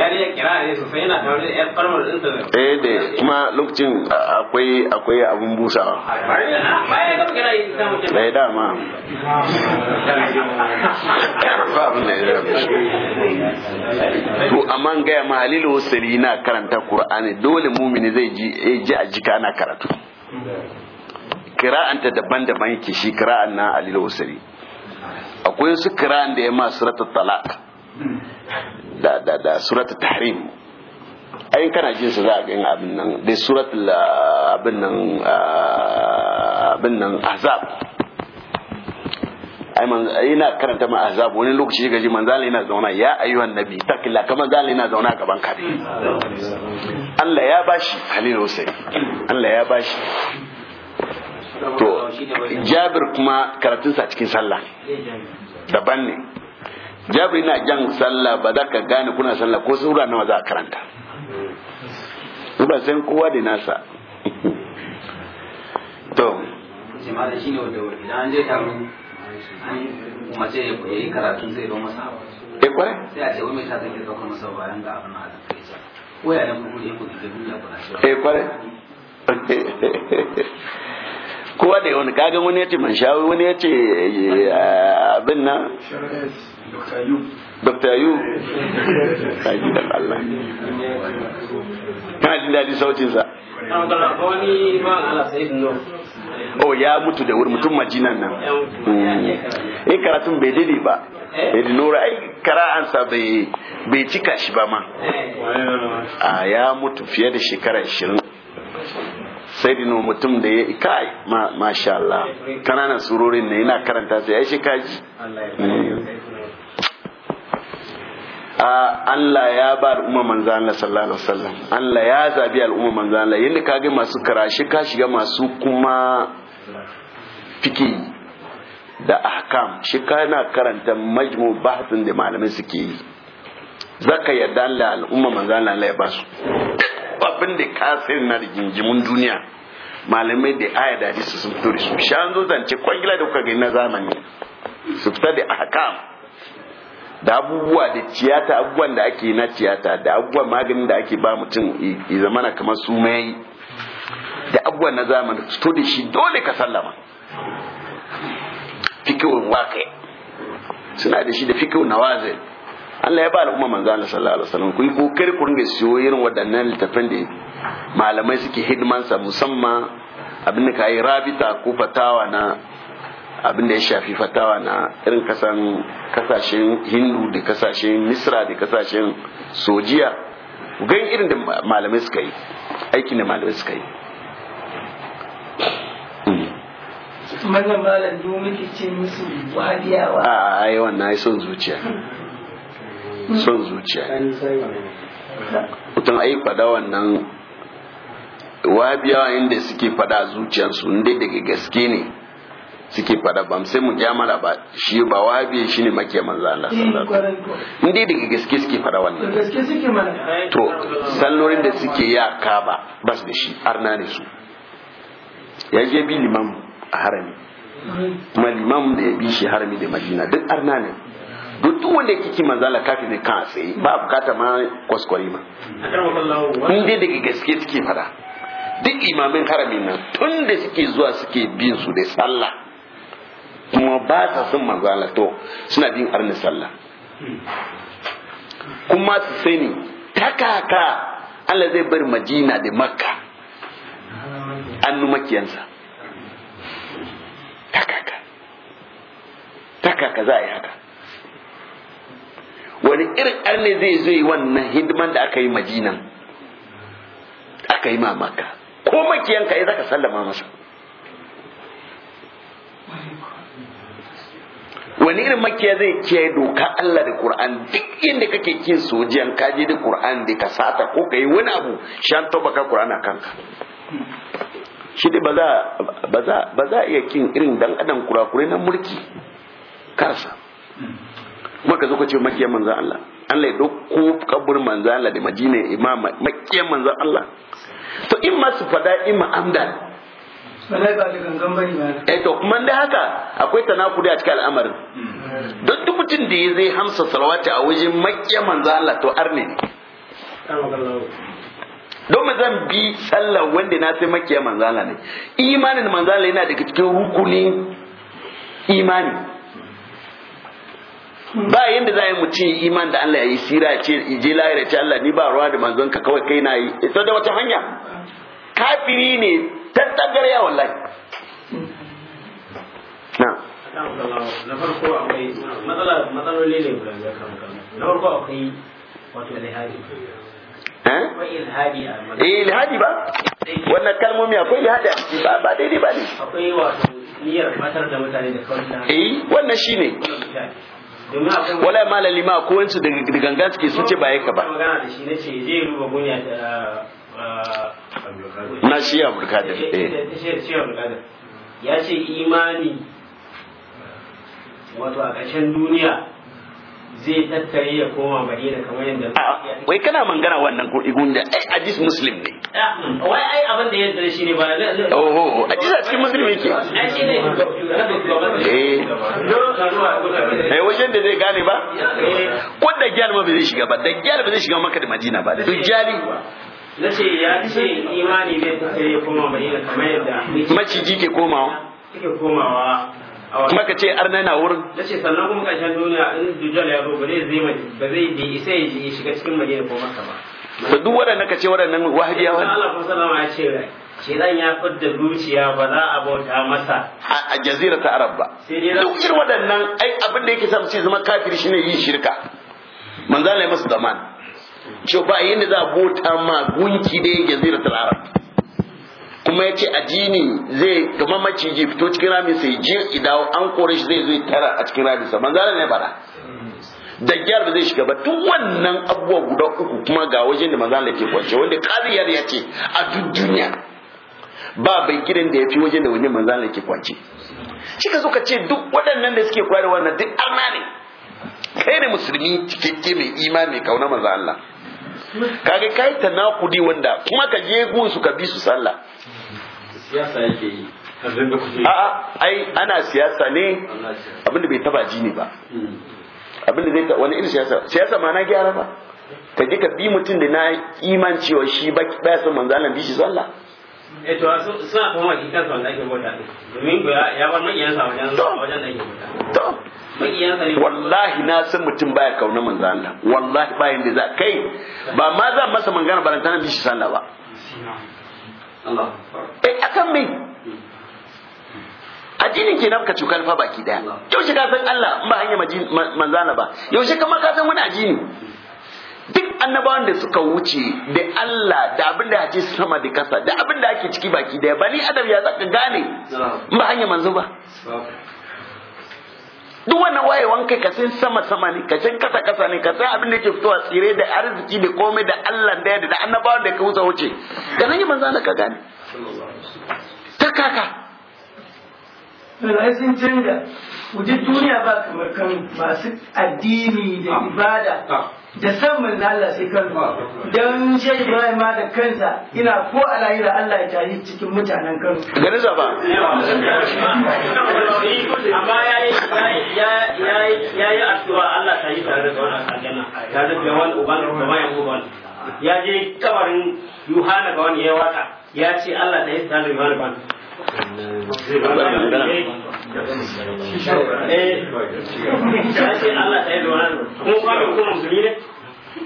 yariya kira ne sosai yana tare da yar farmar ne. eh da kuma lokacin akwai akwai abun busawa bayan eh, da kana yi da mutum bai dama to amma gaya ma halilu wasali na karanta qur'ani dole mumini zai ji ji a jika ana karatu kira'anta daban-daban yake shi kira'an na alil wasari akwai su kira'an da ya ma suratul talaq da da da suratul tahrim ayin kana jin su za a ga abin nan dai suratul abin nan abin nan azab ai man ina karanta ma azab wani lokaci ga ji manzala ina zauna ya ayyuhan nabi takilla kamar zala ina zauna gaban ka dai Allah ya bashi Halil husain Allah ya bashi to Jabir kuma karatunsa cikin sallah daban ne jabri na jan sallah ba za ka gane kuna sallah ko sura nawa za a karanta ba san kowa da nasa to sai ya yi karatun masa eh, sai ce masa waya kuma ya kuɗi eh, kowa da wani kagan wani ya ce manshawi wani ya ce eh, abin nan Dr. Ayub kaji dan Allah kana jin daɗin sa oh ya mutu da wuri mutum majinan nan hmm. eh karatun bai dade ba eh nura ai kara'ansa bai bai cika shi ba ma eh. a ya mutu fiye da shekara 20 sai dino mutum da ya kai sha Allah kananan surorin ne yana karanta sai ya shi kaji Allah ya ba al'umma manzo Allah sallallahu alaihi wasallam Allah ya zabi al'umma manzo Allah yanda kage masu karashi ka shiga masu kuma fiki da ahkam shi yana karanta majmu bahthin da malamai suke yi zaka yarda Allah al'umma manzo Allah ya ba su babin da sai na da jinjimin duniya malamai da aya da hadisi sun fito da su an zo zance kwangila da kuka gani na zamani su fita da ahkam da abubuwa da tiyata abubuwan da ake na tiyata da abubuwan maganin da ake ba mutum i zamana kamar su mai da abubuwan na zamani to da shi dole ka sallama Fikirin waƙe suna da shi da na nawazil Allah ya ba al'umma manzo Allah sallallahu alaihi wasallam ku yi kokari ku ringa siyo irin waɗannan littafin da malamai suke hidimansa musamman abin da kai rabita ko fatawa na abin da ya shafi fatawa na irin kasan kasashen hindu da kasashen misra da kasashen sojiya gan irin da malamai suka yi aikin da malamai suka yi mazamalan domin a ai wannan ai son zuciya son zuciya mutum ai fada wannan wabiyawa inda suke fada zuciyarsu inda daga gaske ne suke fada ba sai mu kyamara ba shi ba wabi shi ne makiya manzo Allah eh, sallallahu alaihi daga gaske suke fada wannan gaske suke mana to sallorin da suke ya kaba bas da shi arna ne su ya je bi limam a harami kuma limam da ya bi shi harami da madina duk arna ne duk duk wanda yake kin Allah kafi ne kan tsaye ba bukata ma kwaskwari ma in daga gaske suke fada duk imamin haramin nan tun da suke zuwa suke bin su da sallah kuma ba sa son manzo Allah to suna bin arni sallah kuma su sani takaka Allah zai bar Madina da Makka annu makiyansa takaka takaka za a yi haka wani irin arne zai zo yi wannan hidiman da aka yi majinan aka yi mamaka ko makiyanka ya zaka sallama masa wani irin makiya zai kiyaye doka Allah da Qur'an duk inda kake kin sojiyan kaje da Qur'an da ka sata ko kai wani abu shan to baka Qur'an a kanka shi dai ba za baza iya kin irin dan adam kurakurai na mulki karsa kuma ka zo ka ce makiyan manzon Allah Allah ya dauko kabur manzon Allah da Madina imama makiyan manzon Allah to in ma su fada imma amdan eh to kuma da haka akwai tanakuri a cikin al'amarin hmm. don duk mutum da ya zai hamsa salawati a wajen makiya manzo Allah to arne don zan bi sallar wanda na sai makiya manzo Allah ne imanin manzo Allah yana daga cikin rukunin imani hmm. ba yanda za mu ce iman da Allah ya yi sira ce ije lahira ce Allah ni ba ruwa da manzon ka kawai kai na yi ita da wata hanya kafiri ne tattakar ya lai na a eh, ba wannan kalmomi akwai ilhadi ba ba daidai ba ne akwai wato niyyar matar da mutane da kawai eh wannan ne wala ko wancan daga gangan suke sun ce ba yaka ba magana da na shi eh. abdulkadir ya ce imani wato a ƙarshen duniya zai tattare ya koma madina kamar yadda ah, wai kana mangana wannan ko igun da ai eh, ajis muslim ne ah, hmm. wai ai abin da yadda shi ne ba oh hadis a cikin muslim yake ai ah, shi ne eh. eh wajen da zai gane ba ko da gyal ma bai shiga ba da gyal ba zai shiga makka da madina ba da duk jali na ya ce imani bai kuka ya koma madina kamar yadda maciji ke komawa ke komawa kuma ka ce arna na wurin na ce sannan kuma kashin duniya in dujjal ya zo ba zai zai ba zai bi isa ya shiga cikin madina ko maka ba to duk waɗannan ka ce waɗannan wahabiyawa ne Allah sallallahu alaihi ya ce shedan ya fidda zuciya ba za a bauta masa a jazira ta arab ba duk irin waɗannan ai abin da yake sa ce zama kafir shine yin shirka manzo ya masu zaman ce ba yadda za a bota ma gunki da yake zira arab kuma ya ce ajini zai gama maciji fito cikin rami sai je idawo an kore shi zai zai tara a cikin rami sa manzara ne bara gyar ba zai shiga ba duk wannan abubuwa guda uku kuma ga wajen da manzara ke kwance wanda kariyar ya ce a duk duniya ba bai gidan da ya fi wajen da wani manzara ke kwance shi ka zo ka ce duk waɗannan da suke kware wannan duk arna ne kai ne musulmi cikakke mai imani kauna manzo Allah kage kai ta nakudi wanda kuma ka je gun su ka bi su sallah siyasa yake yi a'a ai ana siyasa ne abinda bai taba ji ne ba abinda zai ta, wani irin siyasa siyasa ma na gyara ba ka je ka bi mutum da na iman cewa shi ba ya san manzo Allah bi shi sallah eh to suna kuma wani kansa wanda ake bauta domin ya bar makiyansa wajen wajen da ake bauta wallahi na san mutum baya kauna manzo Allah wallahi bayan da za kai ba ma za masa mangana barantana bishi sallah ba Allah eh akan me addinin kenan ka cuka alfa baki daya yau shi ka san Allah in ba hanya manzana ba yau shi kamar ka san wani addini duk annabawan da suka wuce da Allah da abin da ake sama da kasa da abin da ake ciki baki daya bani adam ya zaka gane ba hanya manzo ba duk wannan wayewan kai ka san sama sama ne ka san kasa kasa ne ka san abin da yake fitowa tsire da arziki da komai da Allah da da annabawan da ka wuce wuce ka nan manzo da ka gane ta kaka sun canja duk duniya ba kamar kan masu addini da ah. ibada ah. da san manzo Allah sai kan ah. dan shi Ibrahim ma da kansa ina ko a lahira Allah ya tashi cikin mutanen kan. gani za ba amma ya yi yayi addu'a Allah ta yi tare da wannan aljanna tare da wani uban da bayan uban ya je kabarin Yohana ga wani ya wata, ya ce Allah ta yi tare da wani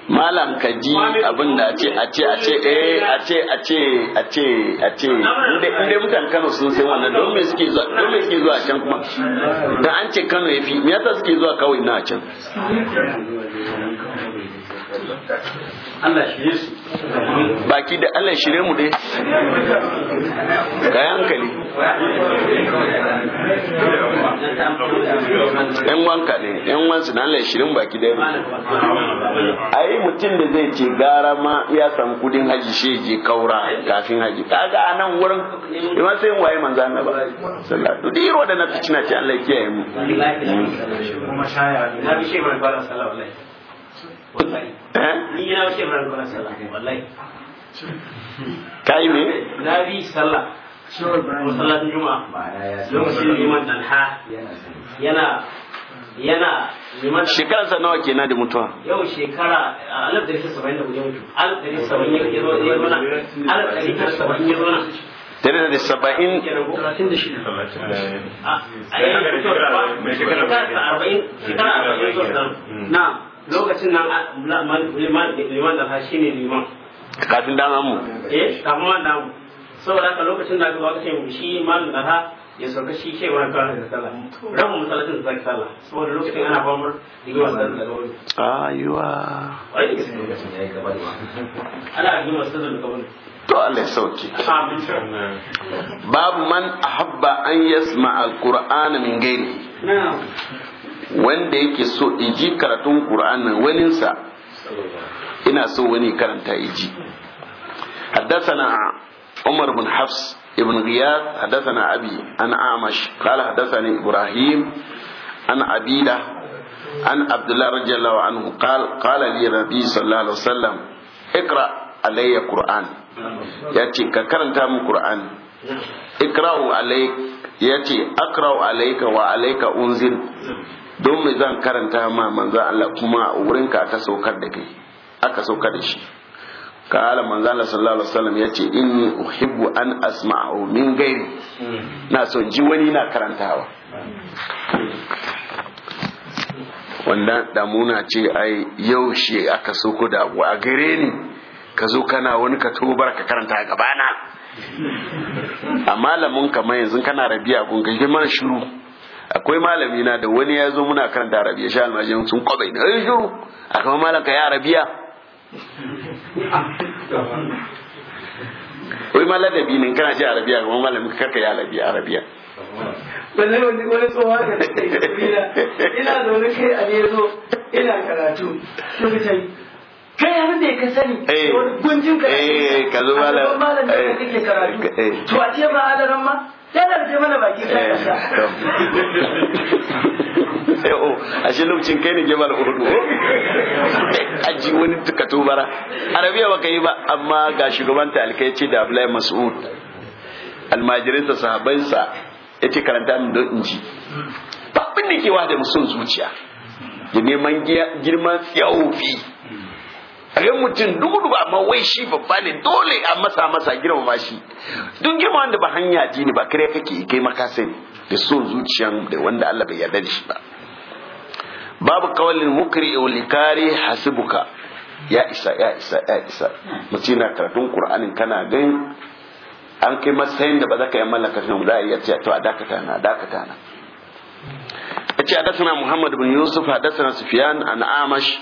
malam ka ji abin da a ce a ce a ce eh a ce a ce a ce a ce inda mutan Kano sun sai wannan don me suke zuwa don me suke zuwa can kuma dan an ce Kano yafi me yasa suke zuwa kawai na can Allah shirye su baki da Allah shirye mu dai ka hankali yan wanka ne yan wansu na Allah shirin mu baki da yi mutum da zai ce gara ma ya samu kudin haji shi je kaura kafin haji kaga a nan wurin ima sai waye manzo na ba Salatu duk iro da na cina ce Allah ya kiyaye mu Eh? ni na wuce ran kwana sallah wallahi kai me na bi sallah juma'a lokacin liman yana yana liman nawa kenan da mutuwa yau shekara dari saba'in da da da lokacin nan liman da shi ne liman kafin dama mu eh kafin man damu saboda haka lokacin da aka ba kace shi man da ya sauka shi ke wani kawai da sallah rabu masallacin da zaki sallah saboda lokacin ana famar rigima sallah daga wani ayuwa wani da gaske lokacin ya yi gaba da ana rigima sallah daga to Allah ya sauke babu man ahabba an yasma alqur'ana min gairi wanda yake so iji karatun ƙura'an nan waninsa ina so wani karanta iji haddasana umar bin hafs ibn riyad haddasana abi an amash kala haddasani ibrahim an abida an abdullahi rajallahu anhu kala li rabi sallallahu alaihi ikra alayya qur'an ya ce ka karanta mu qur'an ikra alayka ya ce akra alayka wa alayka unzil don mai zan karanta ma manzan Allah kuma wurinka aka saukar da kai aka saukar da shi kala manzan Allah sallallahu alaihi wasallam ce inni uhibbu an asma'u min gairi na so ji wani na karantawa wanda damuna ce ai yau shi aka soko da abu a gare ni ka zo kana wani ka tobar ka karanta a gabana a malamin kamar yanzu kana rabiya gunga mana shiru akwai malami na da wani ya zo muna karanta arabiya sha almajirin sun kwabai na yin shuru a kama malam ka yi arabiya wai ma ladabi ne kana ji arabiya kuma malamin karka ya ladabi arabiya wani wani tsohuwa da ta yi ina da wani kai a zo ina karatu lokacin kai abin da ya ka sani eh. gunjin karatu eh, ka zo malam da eh. kake karatu to a ce ma alaran ma Eh, a shi oh, lokacin kai ne gemar hudu oh. aji wani duka arabiya ba ka yi ba amma ga shugaban talikai ce da abulai mas'ud almajirinsa sahabansa ya ce karanta min don inji babin da ke wa da musun zuciya ya neman girman tsiyawofi a mutum mutum dubu amma wai shi babba ne dole a masa masa girmama shi duk girma wanda ba hanya ji ne ba kare kake kai makasai ne da son zuciyan da wanda Allah bai yarda da shi ba babu kawalin mukri ulikari hasibuka ya isa ya isa ya isa mutum na karatun qur'anin kana gan an kai matsayin da ba za ka yi mallaka tunan da ya ce to a dakata na dakata na a ce a dasana muhammad bin yusuf a dasana sufiyan an amash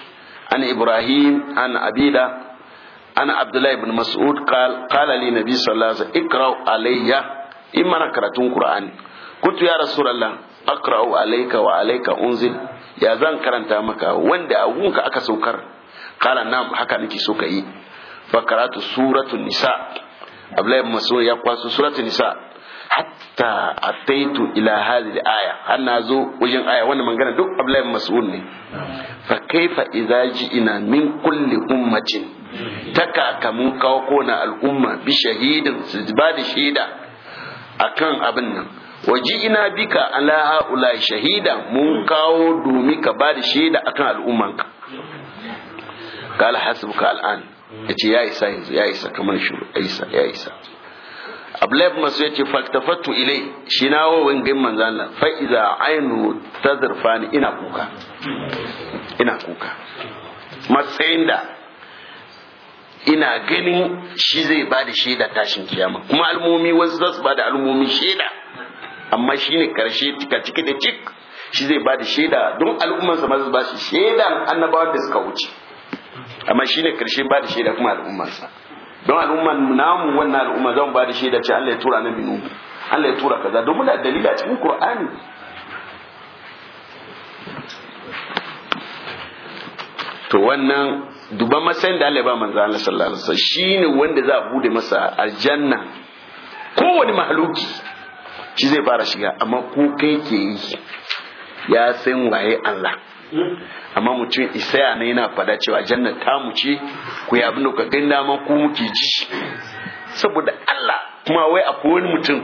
an ibrahim an abida an abdullahi ibn mas'ud qala li nabi sallallahu alaihi wasallam iqra alayya in mana karatun qur'ani Kutu ya rasulullah a alayka wa alayka unzil ya zan karanta maka wanda abunka aka saukar qala na'am haka nake so ka yi fa karatu suratul nisa abdullahi ibn mas'ud ya kwaso suratu nisa hatta ataitu ila hadhihi aya har na zo wajen aya wannan magana duk Abdullahi mas'ul ne fa kaifa idza ji'ina min kulli ummatin taka kamu kawo kona al'umma bi shahidin su ba da shaida akan abin nan waji ina bika ala haula shahida mun kawo domin ka ba da shaida akan al'ummanka Kala hasbuka al'an, ya ce ya isa yanzu ya isa kamar shuru isa ya isa abdullahi masu yake yace faltafattu ilai shi na wa wangin manzo Allah fa ta ainu ni, ina kuka ina kuka matsayin da ina ganin shi zai ba da shaida tashin kiyama kuma almomi wasu za su ba da almomi shaida amma shi ne karshe tika cike da cik shi zai ba da shaida don al'ummansa ma su ba shi shaidan annabawan da suka wuce amma shi ne karshe ba da shaida kuma al'ummansa don al'umman namu wannan al'umma zan ba da da ce Allah ya tura na binu Allah ya tura kaza don muna dalila cikin Qur'ani to wannan duban masayin da Allah ya ba manzo Allah sallallahu alaihi wasallam shine wanda za a bude masa aljanna kowane mahaluki shi zai fara shiga amma ko kai ke yi ya san waye Allah amma mutum isa na yana fada cewa janna ta mu ce ku yi abin da ku dama ku muke ji saboda Allah kuma wai akwai wani mutum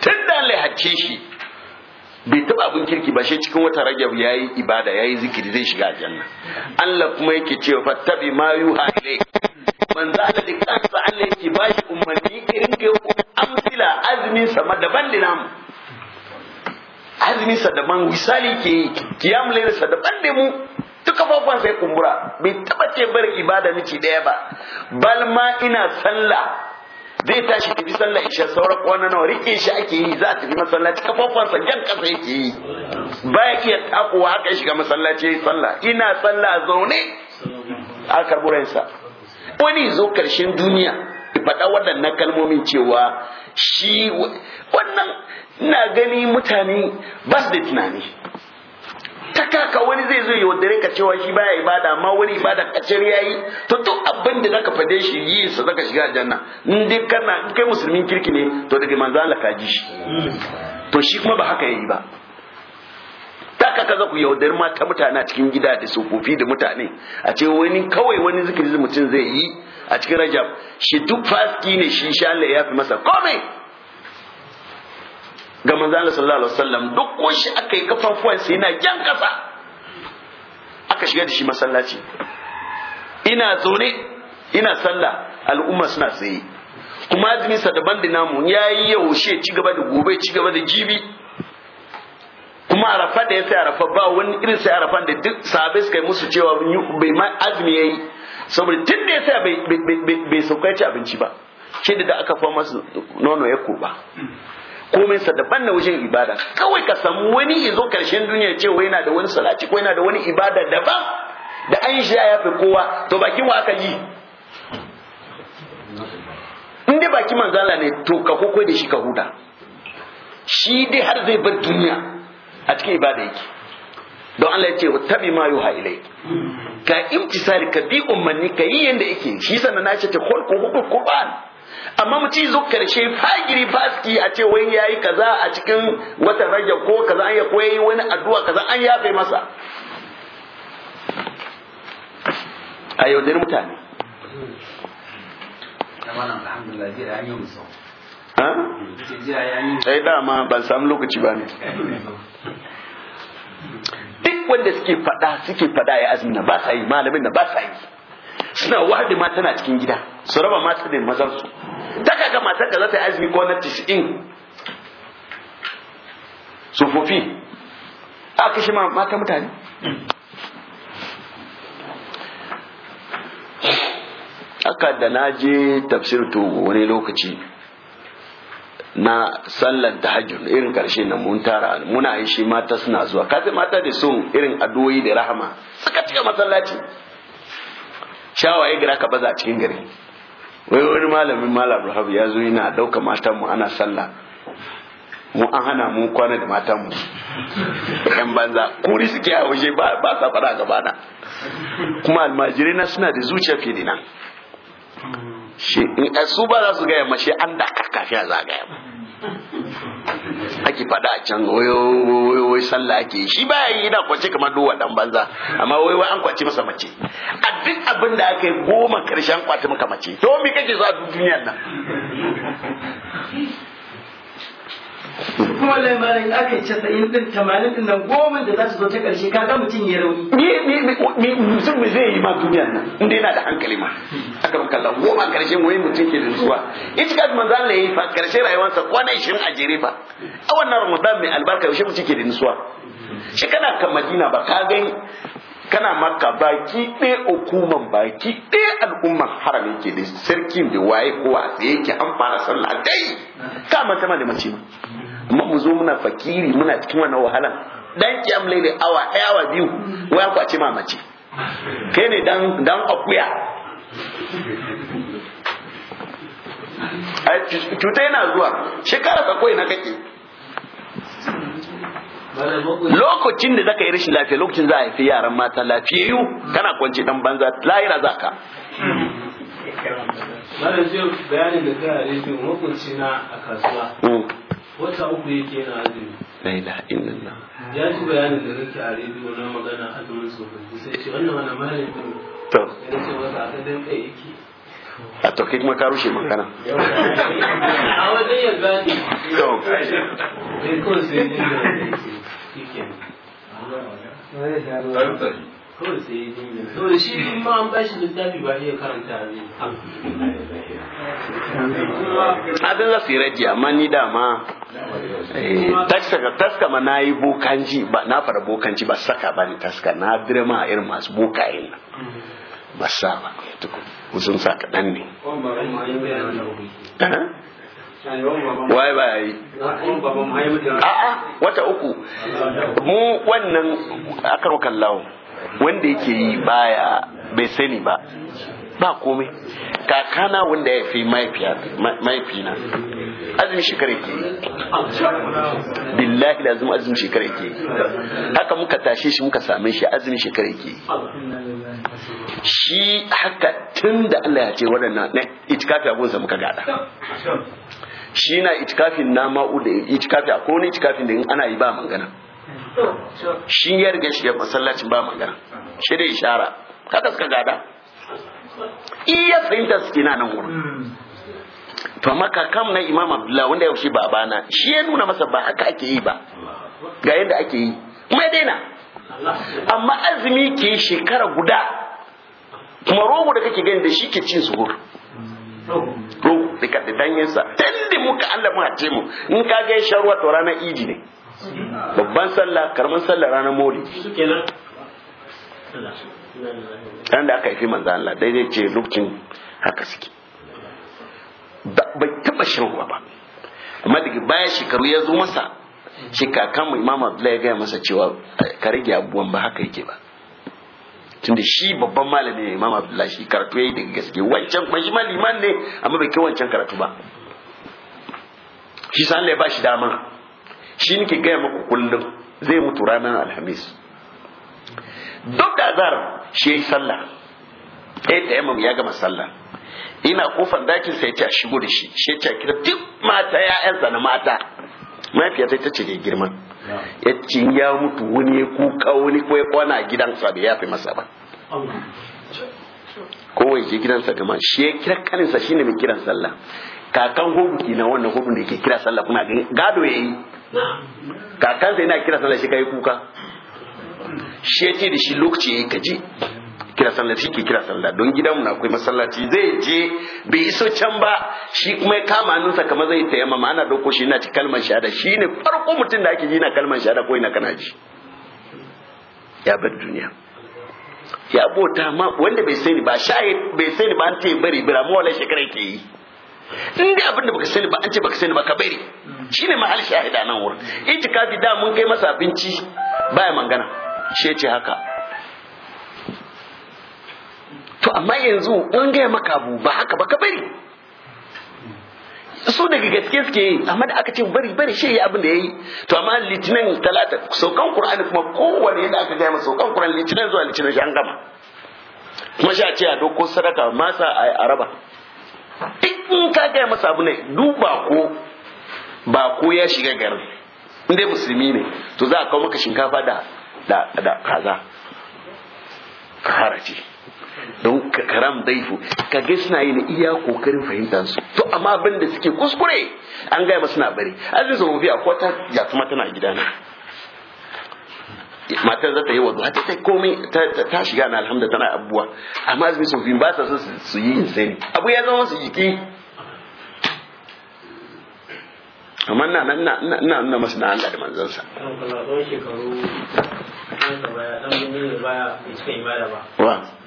tun da Allah hacce shi bai taba abin kirki ba shi cikin wata ya yi ibada ya yi zikiri zai shiga janna Allah kuma yake cewa fattabi ma yuha ilai manzo Allah da kansa Allah yake bashi umarni irin kai amsila azumin sama daban da namu azumin sa daban ke yi kiyam lele sadaban daban da mu duka babban sai kumbura bai taba ce bar ibada miki daya ba balma ina sallah zai tashi tafi sallah isha sauran kwana nawa rike shi ake yi za a tafi masallaci sa jan kasa yake yi baya iya takowa haka shiga masallaci yayi sallah ina sallah zaune a karburansa wani zo karshen duniya faɗa waɗannan kalmomin cewa shi wannan ina gani mutane bas da tunani ta kaka wani zai zo ya ka cewa shi baya ibada amma wani ibada kacar yi, to duk abin da zaka fade shi yi sa zaka shiga aljanna in dai kana kai musulmin kirki ne to daga manzo Allah ka ji shi to shi kuma ba haka yayi ba Ta kaka za ku yaudar mata mutane a cikin gida da tsofaffi da mutane a ce wani kawai wani zikiri mutum zai yi a cikin rajab shi duk faski ne shi insha Allah ya fi masa komai ga manzo Allah sallallahu alaihi wasallam duk ko shi aka yi kafafuwan sa yana jan kasa aka shiga da shi masallaci ina zaune ina sallah al'umma suna tsaye kuma azumin sa daban da namu yayi yaushe ci gaba da gobe ci gaba da jibi kuma arafa da ya sai arafa ba wani irin sai arafan da duk sahabbai suka yi musu cewa bai ma azumi yayi saboda tun da ya sai bai sauka ci abinci ba shi da aka fa masu nono ya koba komai sa daban na wajen ibada kawai ka samu wani izo karshen duniya ce wai yana da wani salati ko yana da wani ibada daban da an shi ya fi kowa to bakin wa aka yi in dai baki manzala ne to ka kokoi da shi ka huda shi dai har zai bar duniya a cikin ibada yake don Allah ya ce tabi ma yuha ilai ka imtisari ka bi umarni ka yi yanda yake shi sannan na ce ta hulku qur'an amma ci zo karshe fagiri faski a ce ya yi kaza a cikin watan rajab ko kaza an ya koyi wani addu'a kaza an yafe masa a dare mutane sai dama ban samu lokaci ba ne duk wanda suke fada suke fada ya azumi na ba sa yi malamin na ba sa yi suna wahadi ma tana cikin gida su raba mata da mazan su ta kaga mata da za ta yi azumi ko na 90 sufofi a kashe mata mutane haka da na je tafsir to wani lokaci na sallar tahajjud irin karshe na mun tara muna yi shi mata suna zuwa kaji mata da sun irin addu'o'i da rahama suka cika masallaci shawaye gira ka baza a cikin gari wai wani malamin malam rahab ya zo yana ɗauka matanmu mu ana sallah mu an hana mu kwana da matanmu yan banza kuri suke a waje ba sa fara na, kuma almajirai na suna da zuciya fiye na su ba za su gaya mashi shi an da karkafiya za a gaya ba. ake faɗa a can wai sallah ake shi baya yi yana kwace kamar duwa dan banza amma wai wai an kwace masa mace a duk abin da aka yi goma karshen kwace maka mace to me kake so a duniyar nan kuma lamarin aka yi casa'in din tamanin din nan goma da za su zo ta ƙarshe ka ga mutum ya rauni. Ni mutum me zai yi ma duniya nan inda yana da hankali ma. Aka maka Allah goma ƙarshe mu yi mutum ke da nutsuwa. Itikad manzan Allah ya yi fa ƙarshe rayuwarsa kwana ishirin a jere fa. A wannan Ramadan mai albarka yaushe mutum ke da nutsuwa. Shi kana kan Madina ba ka gani kana maka baki ɗaya hukuman baki ɗaya al'umman haram yake da Sarki da waye kowa a tsaye yake an fara sallah dai ka mata da mace ma amma mu zo muna fakiri muna cikin wannan wahalan dan kiyam laili awa ɗaya awa biyu waya ku a ce ma mace kai ne dan dan akuya cuta yana zuwa shekara ka koyi na kake lokacin da zaka yi rashin lafiya lokacin za a haifi yaran mata lafiyayyu kana kwance dan banza lahira zaka Bada zai bayanin da kai a rediyo makwabci na a kasuwa. Hmm. Wata uku yake na azumi. La ilaha illallah. Ya ji bayanin da nake a rediyo na magana a azumin tsofaffi sai ce wannan wani malamin To. Ya ce wata a kadan kai yake. a to kai kuma ka rushe magana a wajen ya gani tsartsari kawai sai ya jinya shi ma an bashi littafi ba iya karanta ne abin za su yi amma ni dama eh, taska ma na yi bokanci ba na fara bokanci ba saka ba ni taska na dirma a irin masu bokayen nan ba sa ba tukun sun sa kaɗan ne waye ba yayi a'a wata uku mu wannan akaro kallawo wanda yake yi baya bai sani ba ba komai kakana wanda ya fi mahaifina azumin shekara ke billahi da azumin azumin shekara ke haka muka tashe shi muka same shi azumin shekara ke shi haka tun da Allah ya ce waɗannan na itikafi abunsa muka gada shi na itikafin na ma'u da itikafi a kone itikafin da in ana yi ba magana shi ya riga shi masallacin ba magana shi da ishara kada suka gada iya fahimta suke na nan wurin to amma kakam na imam Abdullahi wanda yaushe babana shi ya nuna masa ba haka ake yi ba ga yadda ake yi kuma ya daina amma azumi ke shekara guda kuma rogo da kake gani da shi ke cin zuhur dika da sa dan muka Allah mu hace mu in ka ga sharwa to ranar idi ne babban sallah karman sallah ranar moli ran da aka yi manzo Allah daidai ce lokacin haka suke bai taba sharwa ba amma daga baya shekaru ya zo masa shi kakan mu imam Abdullahi ya gaya masa cewa ka rage abubuwan ba haka yake ba tunda shi babban malami ne imam abdullahi shi karatu yayi daga gaske wancan kuma shi ma ne amma bai kai wancan karatu ba shi san Allah ya bashi dama shi nake gaya muku kullum zai mutu ranar alhamis duk da azar shi yayi sallah ɗaya da imam ya gama sallah ina kofar dakin sai ta shigo da shi shi ta kira duk mata ya'yansa na mata mafiya ta ce girma ya ce ya mutu wani ya kuka wani ko ya kwana gidansa bai fi masa ba kowai je gidansa gama shi ya kira kaninsa shine mai kiran sallah kakan hobu na wannan hobun da ke kira sallah kuna gado yi kakansa yana kira sallah shi ka yi kuka shi ya ce da shi lokaci yi kaje kira sallah shi ke kira sallah don gidanmu na akwai masallaci zai je bai iso can ba shi kuma ya kama hannunsa kamar zai ta yamma ana dauko shi yana ci kalmar shahada shi ne farko mutum da ake ji na kalmar shahada ko ina kana ji ya bar duniya ya bota ma wanda bai sani ba shaye bai sani ba an ce bari bira mu wala shekara ke yi in dai abin da baka sani ba an ce baka sani ba ka bari shine mahal shahida nan wurin kafi da mun kai masa abinci baya mangana shi ce haka to amma yanzu an gaya maka abu ba haka ba ka bari su daga gaske suke yi amma da aka ce bari bari shi yi abin da ya yi to amma litinin talata saukan qur'ani kuma kowane yadda aka gaya masa saukan qur'ani litinin zuwa litinin shi an gama kuma shi a ce a doko sadaka masa a araba duk in ka gaya masa abu ne duba ko ba ko ya shiga garin inda musulmi ne to za a kawo maka shinkafa da da kaza kaza haraji don ka karam daifu ka ga suna na iya kokarin fahimta su to amma abin da suke kuskure an gaya masu na bari aziz rufi a kwata ya kuma tana gida na matar za ta yi wadu ta komai ta shiga na alhamda tana abubuwa amma aziz rufi ba sa su yi insani abu ya zama su jiki amma na na na na na masu na Allah da manzansa ba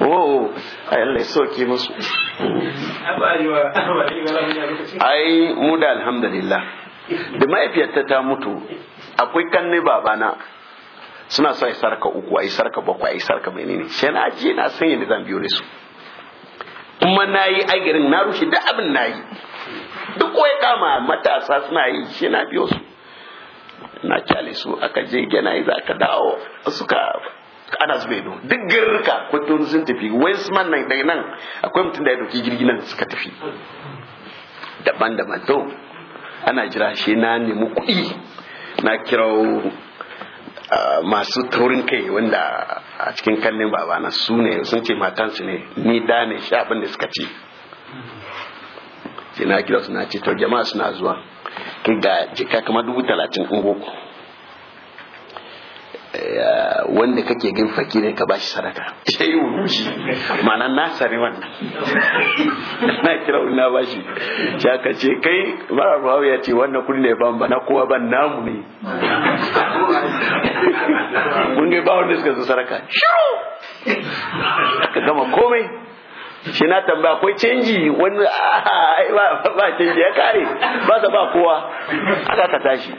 wow ai Allah ya soke musu ai mu da alhamdulillah da mahaifiyarta ta mutu akwai kanne babana suna so yi sarka uku ai sarka bakwai ai sarka menene sai na ji na san yadda zan biyo su kuma na yi agirin na rushe da abin na yi duk wai kama matasa suna yi shi na biyo su na kyale su aka je gana za ka dawo suka ana zube ido duk garka kwaton sun tafi westman nan daga nan akwai mutum da ya dauki jirgi nan suka tafi daban-daban to ana jira shi na nemi kuɗi na kira masu taurin kai wanda a cikin kallon babana su ne sun ce matansu ne ni da ne shi abin da suka ce sai na kira suna ce to jama'a suna zuwa kai ga jika kamar dubu talatin in Eh, wanda kake gan fakirai ka bashi sadaka sai yi wuce ma'ana na sari wannan na kira na bashi shi aka ce kai mara ruwa ya ce wannan kudi ne ban ba na kowa ban namu ne mun ga ba wanda suka zo sadaka shiru aka gama komai shi na tambaya akwai canji wani ba canji ya kare ba sa ba kowa aka ka tashi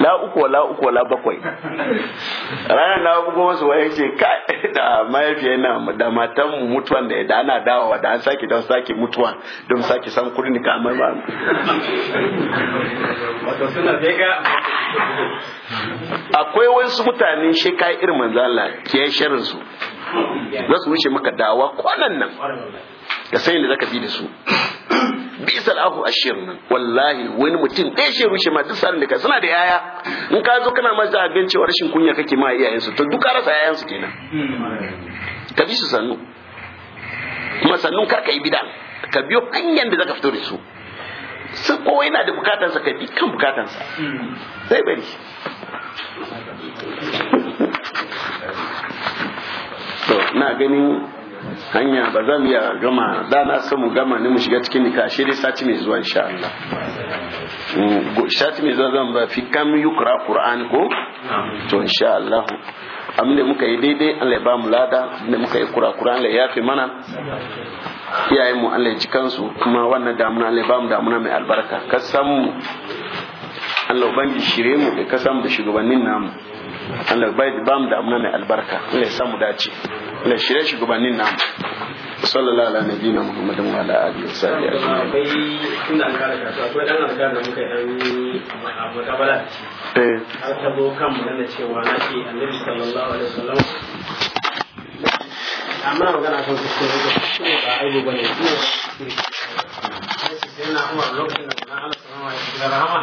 la uku la uku la bakwai ranar na bugo masu wayan ce ka da mahaifiyar na da matan mu mutuwan da da ana dawowa da an sake don sake mutuwa don sake san kudin ka amma ba akwai wasu mutanen shekai irin manzala kiyasharin su za su wuce maka dawa kwanan nan ka sai da zaka bi da su bi salahu ashir nan wallahi wani mutum ɗaya shi rushe ma duk sanin da ka suna da yaya in ka zo kana a abin cewa rashin kunya kake ma iyayensu to duk rasa yayansu kenan ka bi su sannu kuma sannun kar ka yi bidan ka biyo hanyar da zaka fito da su sai kowa yana da bukatansa ka bi kan bukatansa sai bari so na gani hanya ba za mu iya gama da na san mu gama ne mu shiga cikin nika shi dai sati mai zuwa insha Allah mm, sati mai zuwa zan ba fi kam yukra qur'an ko to insha Allah amma da muka yi daidai Allah ya ba mu lada da muka yi kura qur'an Allah ya fi mana iyayen mu Allah ya ji kansu kuma wannan damuna Allah ya ba mu damuna mai albarka ka samu Allah ubangi shire mu ka samu da shugabannin namu Allah bai da da amna mai albarka Allah ya samu dace Allah shirye gubanin namu sallallahu ala nabiyina muhammadin wa ala alihi wa sahbihi akwai tunda an kare akwai dan da muka yi eh har ta zo kan cewa na ce annabi sallallahu alaihi wasallam amma magana kan da shi ba ai bane ne ne sai na lokacin da na